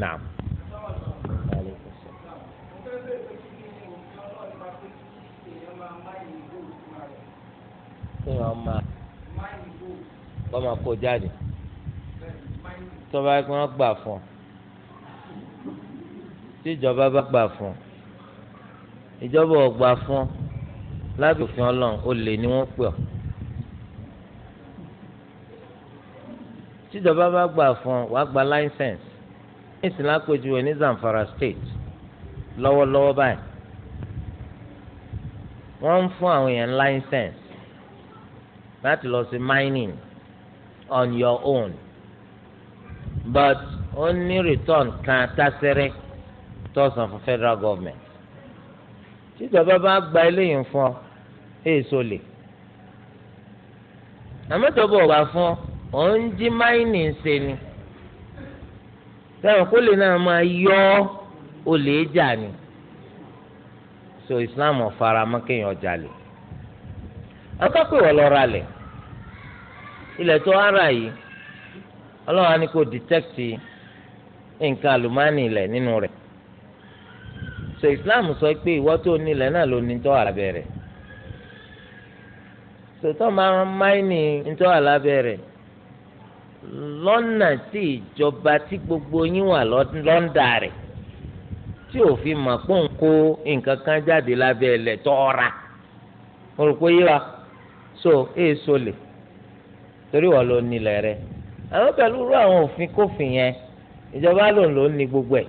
náà. kí wọn máa kọ́ máa kó jáde tó bá yẹ kí wọ́n gbà fún ọ tí ìjọba bá gbà fún ìjọba ò gbà fún lábẹ́ òfin ọlọ́run olè ni wọ́n pè ọ́ tíjọba bá gbà fún wàá gba láísẹ̀nsì ní ìsìlá pèjúwe ní Zamfara state lọ́wọ́lọ́wọ́ báyìí wọ́n ń fún àwọn èèyàn láísẹ̀nsì láti lọ sí mining on your own but only return kan tásẹ́rẹ́. tó san fún federal government tíjọba bá gba eléyìí fún ọ èyí so lè àmọ́tọ́bọ̀ wà fún ọ ń jí ni sẹ́wọ̀n kó lè náà máa yọ so Islam ọ̀fara mọ́ kéèyàn jalè akápẹ́ wọ́n lọ le ilẹ̀ tó ara yìí ọlọ́run á ní kó dìtẹ́kìtì nǹkan àlùmánì ilẹ̀ nínú so islam sọ pé ìwọ tó nílẹ̀ náà ló ní tọ́ àlábẹ́rẹ́ sòtọ́ máa ń máìnì ntọ́ àlábẹ́rẹ́ lọ́nà tí ìjọba tí gbogbo yín wà lọ́ndà rẹ̀ tí fi mà pọ̀ ń kó nǹkan kan jáde lábẹ́ tọ́ra mo rò so èso lè torí wọ́n ló nílẹ̀ rẹ̀ àwọn pẹ̀lú irú àwọn òfin kófin yẹn ìjọba lòun ló ní gbogbo ẹ̀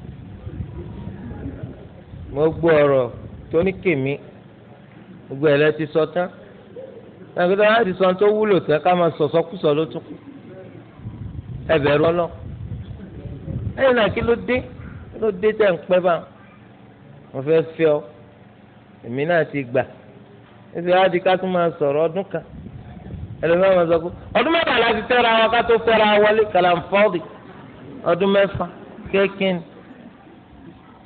mo gbọ́ ọ̀rọ̀ tóní kèmí gbogbo ẹ̀ lẹ ti sọ tán nàgbẹ́tà láti sọ tó wúlò tán ká máa sọ sọkúsọ ló tún kù ẹ bẹ̀rù ọlọ́ ẹ̀yìn náà kí ló dé kí ló dé tẹ̀ ń pẹ́ bá mo fẹ́ fẹ́ ọ èmi náà ti gbà ẹsẹ̀ wá di ká tún máa sọ̀rọ̀ ọdún kan ẹlòmíràn máa sọ pé ọdún mẹ́fà láti tẹ́ra wa ká tó fẹ́ra wọlé kàlàǹfọ́ọ̀dì ọdún mẹ́fà kéékìnì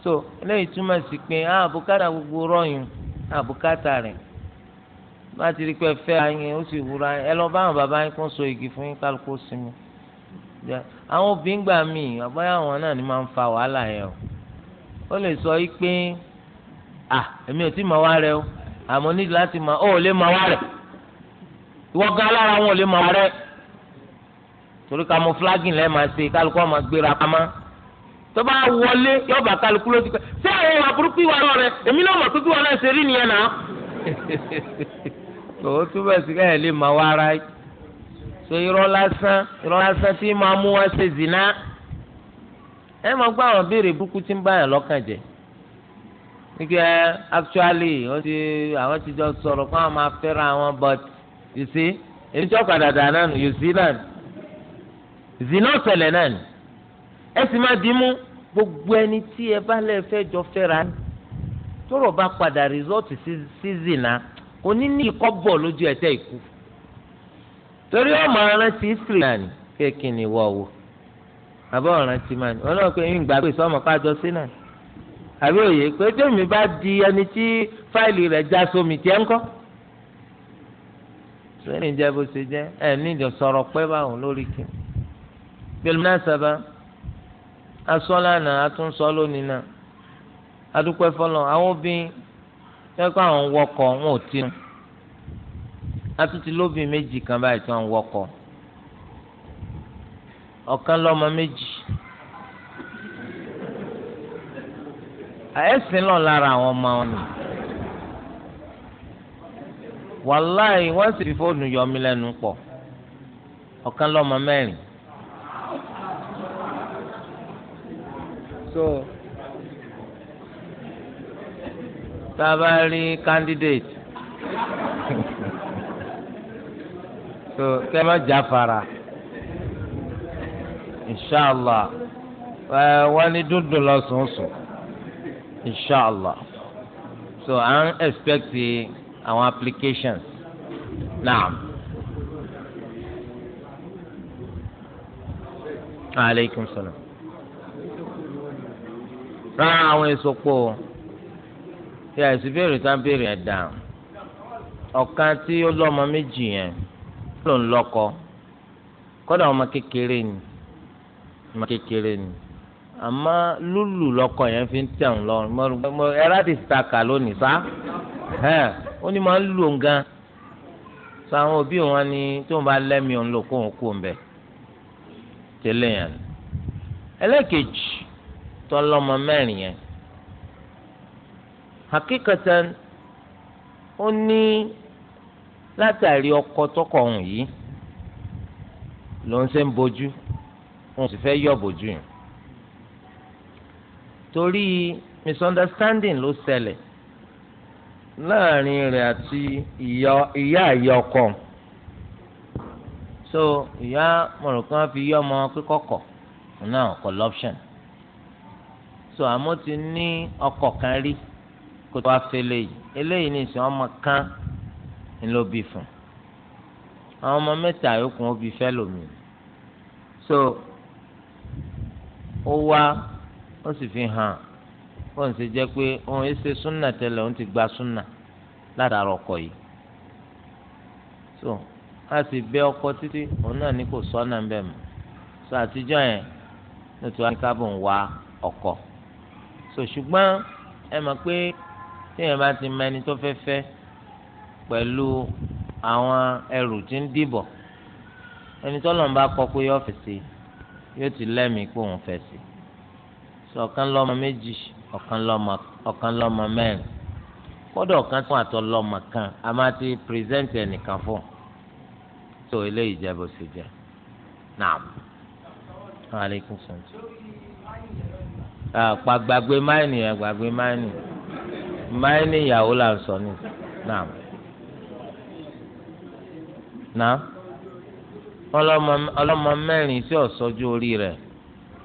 so eléyìí túmọ̀ sí pé àbùkátà ah, gbogbo rọ̀yìn àbùkátà ah, rẹ̀ bá ti rí pé fẹ́ ayin ó sì wúra ẹ lọ bá àwọn bàbá yín kó so igi fún yín kálukú sinmi àwọn obìnrin gbà mí àbáyá àwọn náà ni máa ń fa wàhálà yẹn o ó lè sọ yìí pé à èmi ò tí ì mọ wá rẹ o àmọ́ ní láti mọ ó lè mọ wá rẹ ìwọ gan alára wọn ò lè mọ wá rẹ torí camouflaging lẹ́ẹ̀ máa kálukú ọmọ gbéra pamọ́ tó bá wọlé yóò bá kálukú ló ti pẹ́ ṣé àwọn ìwà burúkú ìwà náà rẹ èmi náà mọ̀ pé kí wọn náà ṣe rí nìyẹn náà. tòun túbọ̀ sí ẹ̀ lè máa wá ara yìí so irọ́ lásán irọ́ lásán tí máa mú wá ṣe zìnà ẹ máa gbọ́ àwọn béèrè burúkú tí ń bá yàn lọ́kàn jẹ́ nígbà eh, actually wọ́n ti àwọn ti jọ sọ̀rọ̀ kó àwọn máa fẹ́ràn àwọn but you see èyí tí ọ̀kadà dà náà nù you see náà zìnà ọ̀sẹ̀lẹ̀ náà nù ẹ sì máa dì í mú gbogbo ẹni tí ẹ bá lè fẹ́ jọ fẹ́ra ni tọrọ bá padà rìsọ́ọ̀tì sí zina kò ní ní ikọ́ bọ̀ lójú ẹ̀tẹ́ ìkú torí ọmọ arántí ìsìrì náà ni kéèkì ni wọ́ọ̀ wò àbọ̀ ọ̀rántí máa ní ọlọ́run pé ń gbàgbé sọ́mọ kájọ sí náà àbí òye pé tèmi bá di ẹni tí fáìlì rẹ̀ já sómi tiẹ̀ ń kọ́ sẹ́ni bó ṣe jẹ́ ẹ̀ níjọ sọ̀rọ̀ pẹ́ báwọn lórí kí bẹ́ẹ̀ náà sábà. asọ́lánà atúnṣọ́ lónìí na adúpẹ́ fọlọ́ àwọn obìnrin tẹ́kọ̀ àwọn wọkọ̀ wọn ò tinú atúntí lóbìn méjì kan báyìí tí wọ́n wọkọ̀ ọ̀kan lọ́mọ méjì ẹ̀sìn lọ lára àwọn ọmọ wọn ni wàláì wọ́n sì fi fóònù yọ mí lẹ́nu pọ̀ ọ̀kan lọ́mọ mẹ́rin so tá a bá rí candidate so kẹ́ má jáfara inshàlá ẹ wọ́n ní dúndùn lọ sùn sùn inshàlá so i don't expect àwọn applications now. aleykum salaam rárá àwọn èso pọ̀ tí àìsí béèrè tá a béèrè ẹ̀ dà ọ̀kan tí ó lọ́mọ méjì yẹn ló ń lọ́kọ kọ́dà ọmọ kékeré ni ọmọ kékeré ni àmọ́ lúlù lọ́kọ yẹn fi ń tẹ̀ ń lọ ẹ láti ta kà lónìí sá ó ní máa ń lù òun gan sọ àwọn òbí wọn ni tóun bá lẹ́mìí òun lò kóun kú òun bẹ̀ tẹ́lẹ̀ yẹn ẹlẹ́kejì tọ́lọ́mọ mẹ́rin yẹn hakikatan ó ní látàrí ọkọ tọkọ ọ̀hún yìí ló ń ṣe ń bójú wọn sì fẹ́ yọ bójú yìí torí misunderstanding ló ṣẹlẹ̀ láàrin rẹ̀ àti ìyá ìyá ọkọ so ìyá mọ̀rọ̀ kan fi yọ ọmọ pé kọ̀kọ̀ náà kọ̀ lọ́pṣẹ̀n so àmọ́ ti ní ọkọ̀ kan rí kó tó wá fẹlẹ̀ yìí eléyìí ní ìsìn ọmọ kan ńlọ bí fún àwọn ọmọ mẹ́ta yòókù ó bí fẹ́ lómi so ó wá ó sì fi hàn ó ń ṣe jẹ́ pé òun ẹ ṣe súnà tẹ́lẹ̀ òun ti gba súnà látara ọkọ yìí so a sì bẹ ọkọ títí òun náà ní kò sọ́nà ń bẹ̀ mọ́ so àtijọ́ yẹn nítorí wọn ká bò ń wá ọkọ so ṣùgbọ́n ẹ mọ̀ pé téèyàn bá ti mọ ẹni tó fẹ́ fẹ́ pẹ̀lú àwọn ẹrù tí ń dìbọ̀ ẹni tó lọ́n bá kọ́ pé yóò fẹ́ sí yóò ti lẹ́mìí pé òun fẹ́ sí so ọ̀kan lọ́mọ méjì ọ̀kan lọ́mọ ọ̀kan lọ́mọ mẹ́rin kọ́dọ̀ ọ̀kan tún àtọ́ lọ́mọ kan a máa ti pírẹsẹ́ǹtì ẹnìkan fún so eléyìí jẹ́ bó ṣe jẹ́ naam aleykum salaam. pa gbàgbé máìnì yẹn gbàgbé máìnì máìnì ìyàwó là ń sọ ni naam naam ọlọ́mọ mẹ́rin tí ò sọ́jú orí rẹ̀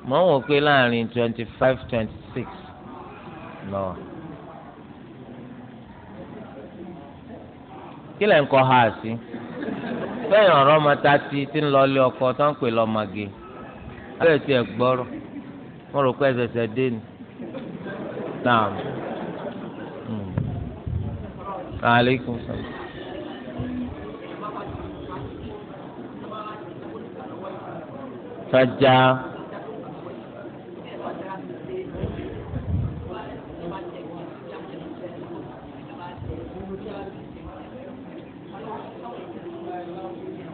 mọ̀ ń pé láàrin twenty five twenty six lọ. kí lẹ̀ ń kọ́ ha sí bẹ́ẹ̀ ọ̀rọ̀ ọmọ tá a ti ti ń lọ ilé ọkọ tó ń pè lọ́mọge abẹ́ẹ̀ tiẹ̀ gbọ́rọ̀. wọn rò pé ẹsẹsẹ dé ni náà hmm. aleykum salaam. fàjà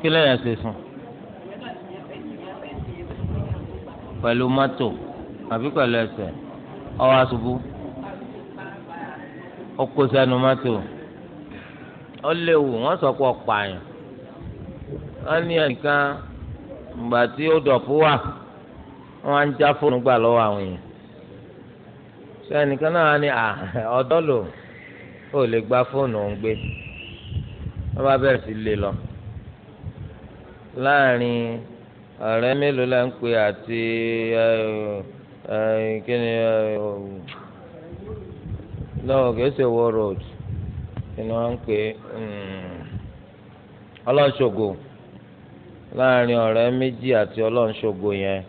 kílẹ̀ yẹn ṣe pẹ̀lú mọ́tò àbí pẹ̀lú ẹsẹ̀ ọwọ́ àṣubú ó kó sẹ́nu mọ́tò ó léwu wọ́n sọ pé ọ̀pààyàn wọ́n ní ẹnìkan ìgbà tí ó dọ̀pù wà wọ́n á ń já fóònù gbà lọ́wọ́ àwọn èèyàn ṣé ẹnìkan náà ní ọ̀dọ́ lò ó lè gba fóònù òun gbé wọ́n bá bẹ̀rẹ̀ sí lé lọ láàrin ọ̀rẹ́ mélòó la ń pè àti ẹ̀ẹ́ Eh, kíni lọ́wọ́ gẹ̀ẹ́sì wọ road kíni wọ́n ń pè hmm, ọlọ́nṣogo láàrin ọ̀rẹ́ méjì àti ọlọ́nṣogo yẹn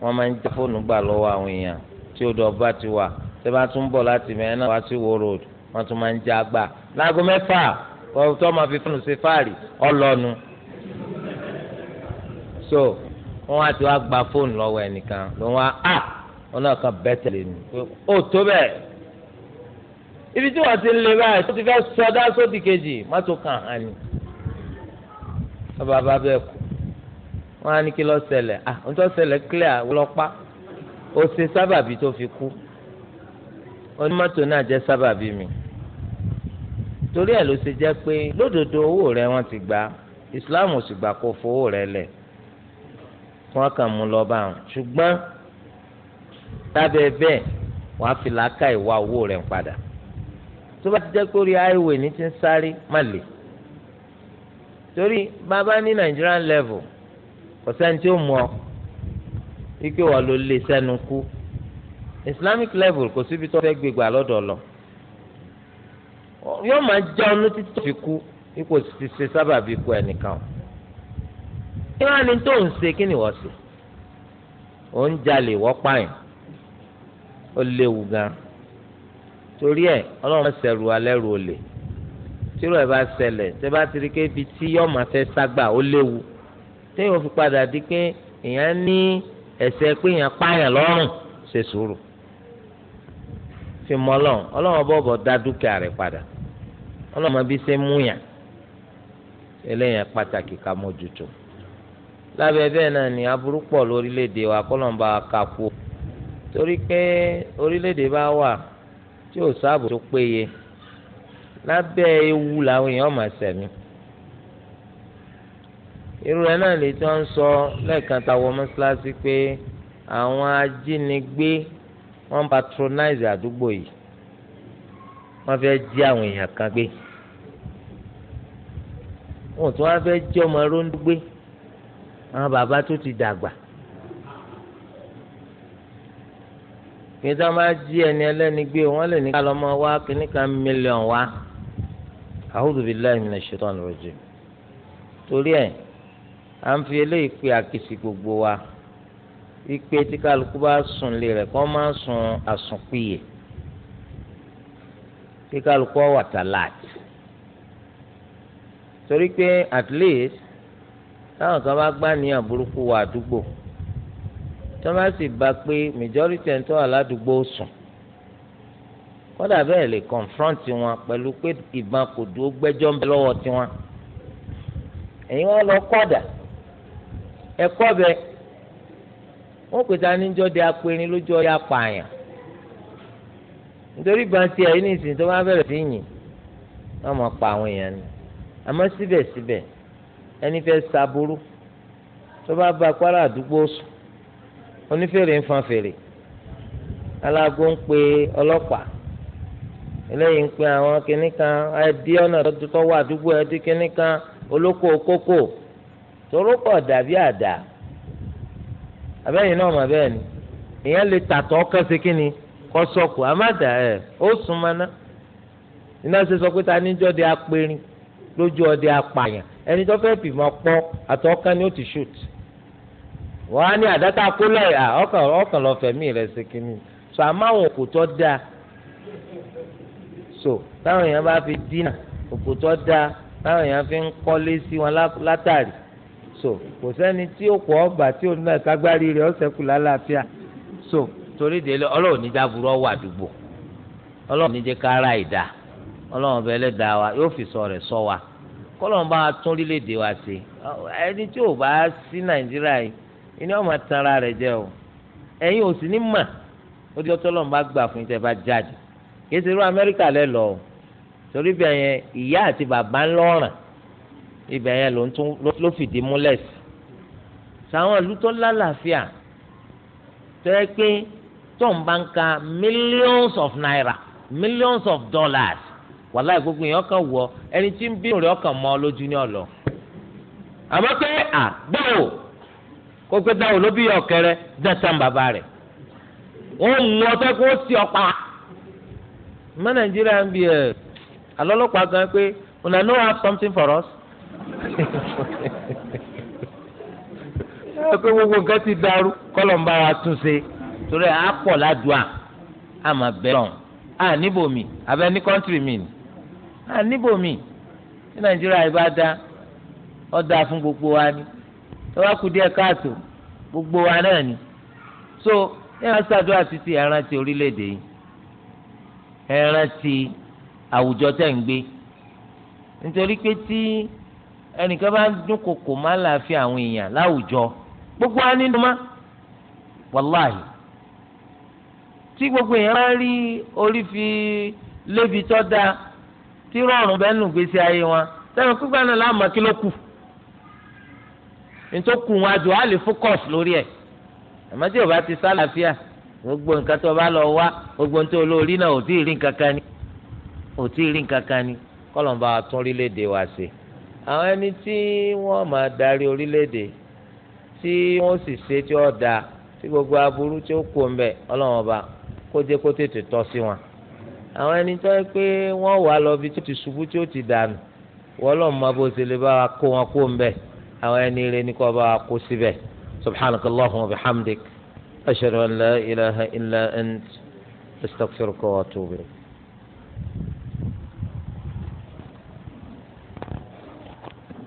wọ́n máa ń já fóònù gbà lọ́wọ́ àwọn èèyàn tí odò ọba ti wà tẹ́ bá tún bọ̀ láti mẹ́rin náà wá sí wọ road wọ́n tún máa ń já gbà láago mẹ́fà tó máa fi fóònù ṣe fáàrí ọlọ́nu so wọ́n wá ti wá gba fóònù lọ́wọ́ ẹnìkan ló wá á. Ah! wọn náà kan bẹ́ẹ̀ tẹ̀lé mi pé ó tó bẹ́ẹ̀ ibi tí wọ́n ti ń lé báyìí tó ti fẹ́ sọdá sódì kejì má tó kàn án ni bàbá bẹ́ẹ̀ kú wọ́n á ní kí lọ́ọ́ ṣẹlẹ̀ à ń tọ́ ṣẹlẹ̀ clear wọ́lọ́pá ó ṣe sábàbí tó fi kú onímọ́tò náà jẹ́ sábàbí mi torí ẹ̀ ló ṣe jẹ́ pé lódodo owó rẹ wọ́n ti gba Islam ò sì gbà kó fowó rẹ lẹ̀ wọ́n kàn mú lọ bá wọn ṣùgbọ́n lábẹ́ bẹ́ẹ̀ wàá fi làákà ìwà owó rẹ̀ padà tó bá ti jẹ́ kórí àìwé ní ti ń sáré má lè torí bàbá ní Nigerian level kò sẹ́ni tí ó mú ọ ike wà ló lè sẹ́nu kú Islamic level kò síbi tó fẹ́ gbégbà lọ́dọ̀ lọ yóò máa jẹ́ ọnú títí tó fi kú ipò ti ṣe sábàbí ikú ẹnìkan kí wọ́n á tó ń ṣe kí ni wọ́n ṣe ó ń jalè wọ́n ó léwu gan torí ẹ ọlọ́run ṣẹ̀rù alẹ́ rù olè tírò ẹ̀ bá ṣẹlẹ̀ tẹ́ bá ti rí pé ibi tí yọ́ọ̀ máa fẹ́ ságbà ó léwu téèyàn fi padà di pé èèyàn ní ẹ̀ṣẹ̀ pé èèyàn pààyàn lọ́rùn ṣe sùúrù fi mọ́ ọlọ́run ọlọ́run bọ̀bọ̀ dá dúkìá rẹ̀ padà ọlọ́run bí ṣe mú yàn eléyàn pàtàkì ká mójútó lábẹ́ bẹ́ẹ̀ náà ni aburú pọ̀ lórílẹ̀ wa kọ́lọ́mbà kakú torí pé orílẹ̀-èdè bá wà tí ò sáàbò tó péye lábẹ́ ewu làwọn èèyàn máa ṣẹ̀mí irú rẹ̀ náà lè tí wọ́n ń sọ lẹ́ẹ̀kan táwọn mọ́ṣáláṣí pé àwọn ajínigbé wọ́n patronize àdúgbò yìí wọ́n fẹ́ jí àwọn èèyàn kan gbé wọ́n tún wá fẹ́ jí ọmọ róńdú gbé àwọn bàbá tó ti dàgbà. kí sọ ma jí ẹni ẹlẹ́ni gbé wọn lè ní ká lọ́ mọ wá kíní kan mílíọ̀n wá a'udhu billahi minash shaitani rajim torí ẹ̀ à ń fi eléyìí pe àkìsì gbogbo wa ipe tí kálukú bá sùn lé rẹ̀ kó má sùn àsùnpìyè kí kálukú wà tàláàtì torí pé at least táwọn kan bá gbá ní àbúrúkú wa àdúgbò tí wọ́n bá sì bá pé majority ẹ̀ ń tọ́ aládùúgbò sùn kódà bẹ́ẹ̀ lè confront wọn pẹ̀lú pé ìbọn kò dúró gbẹ́jọ́ ń bẹ lọ́wọ́ tiwọn ẹ̀yin wọn lọ kọ́dà ẹ̀kọ́ bẹ wọ́n pè ta níjọ́ de apẹ̀rin lójú ọ̀yà pààyàn nítorí ìbọn tiẹ̀ yìí nìsín tó bá bẹ̀rẹ̀ sí yìn wọ́n mọ̀ pa àwọn èèyàn ni àmọ́ síbẹ̀síbẹ̀ ẹni fẹ́ saburú tó bá ba kwara àdúgbò sùn onífèrè ń fan fèrè aláàgó ń pe ọlọ́pàá eléyìí ń pe àwọn kinní kan ẹdí ọ̀nà tó wà àdúgbò ẹdí kinní kan olóko kókò torókọ̀ dàbí àdá abẹ́yìn náà mà bẹ́ẹ̀ ni èèyàn lè tàtọ́ kẹ́sì kínni kọ́ sọ́kù àmàdà ẹ̀ ó sùn mọ́ná iná ṣe sọ pé ta de lójú apààyàn pọ́ àtọ́ká ni ó ti ṣùtù wọ́n á ní àdáta kólẹ̀ à ọkàn ọkàn lọ fẹ̀mí rẹ̀ ṣe kínní Sọ àmọ́ àwọn òkùtọ́ da so táwọn èèyàn bá fi dínà òkùtọ́ da táwọn èèyàn fi ń kọ́lé sí wọn látàrí so kò sẹ́ni tí ó pọ̀ ọgbà tí òun náà kágbárí rẹ̀ ọ̀sẹ̀ sẹ́kù lálàáfíà so torí délé ọlọ́run ọlọ́run ìdá ọlọ́run wa yóò fi sọ rẹ̀ sọ wa kọ́lọ́run bá tún orílẹ̀-èdè wa ṣe ẹni tí ò bá sí nàìjíríà yìí ìní ọmọ tanra rẹ̀ jẹ́ o ẹ̀yin ò sì ní mà ó di ọtọ́ lọ́nà bá gbà fún ìtẹ́ bá jáde kìí ṣe irú amẹ́ríkà lẹ́ lọ o torí ibẹ̀ yẹn ìyá àti bàbá ń lọ́ràn yẹn ló ń tún ló fìdí múlẹ̀ sí sàwọn ìlú tó lálàáfíà tó pé tó bá ń ka millions of naira millions of dollars wàláì gbogbo yẹn ọkàn wọ ẹni tí ń bínú rẹ̀ ọkàn mọ́ lójú ní ọ̀lọ́ àmọ́ pé à kókó dáhùn ló bí ọ̀kẹ́rẹ́ dẹ́tàn bàbá rẹ̀ ó mú ọtọ́ kó sì nàìjíríà ń ẹ gan pé una no have something for us. ẹ pé gbogbo nǹkan ti dàrú kọ́lọ̀ ń bá wa tún ṣe torí a pọ̀ ládùá a máa bẹ̀rẹ̀ ọ̀hún a níbò mi abẹ́ ní kọ́ńtìrì mi ni a mi ní nàìjíríà fún gbogbo wa ni. ẹ wá kú díẹ̀ káàtó gbogbo wa náà ni so ẹ máa ṣàdúrà títí ẹ rántí orílẹ̀-èdè yìí ẹ rántí àwùjọ tẹ̀ ń gbé nítorí pé tí ẹnìkan bá ń dúnkokò má láàfin àwọn èèyàn láwùjọ gbogbo wa nínú má wàláhì tí gbogbo èèyàn bá rí orí fi lébi tọ́ da tí rọrùn bẹ́ẹ̀ nù gbèsè ayé wọn sẹ́yìn pípa náà láàmú kí ló kù nítòkù wọn àjò á lè fókọ̀s lórí ẹ̀ àmọ́ tí o bá ti sálàáfíà gbogbo nǹkan tó bá lọ wá gbogbo nǹkan tó lórí náà ò tí ì rí nǹkan kan ni ò tí ì rí nǹkan kan ni kọ́lọ́mbà tún orílẹ̀-èdè wa ṣe àwọn ẹni tí wọ́n máa darí orílẹ̀-èdè tí wọ́n sì ṣe tí ó dáa tí gbogbo aburú tí ó kú ọ̀nbẹ ọlọ́wọ́n kó jẹ́ kó tètè tọ́ sí wọn. àwọn ẹni tó yẹ pé wọ́n wà lọ bí tó ti ṣubú tí ó ti dànù wọ́n lọ́ọ́ àwọn ẹni rẹ ní kó bá kó síbẹ̀ subhanaka allahumma wa bihamdik ashhadu an la ilaha illa ant astaghfiruka wa atubu ilayk.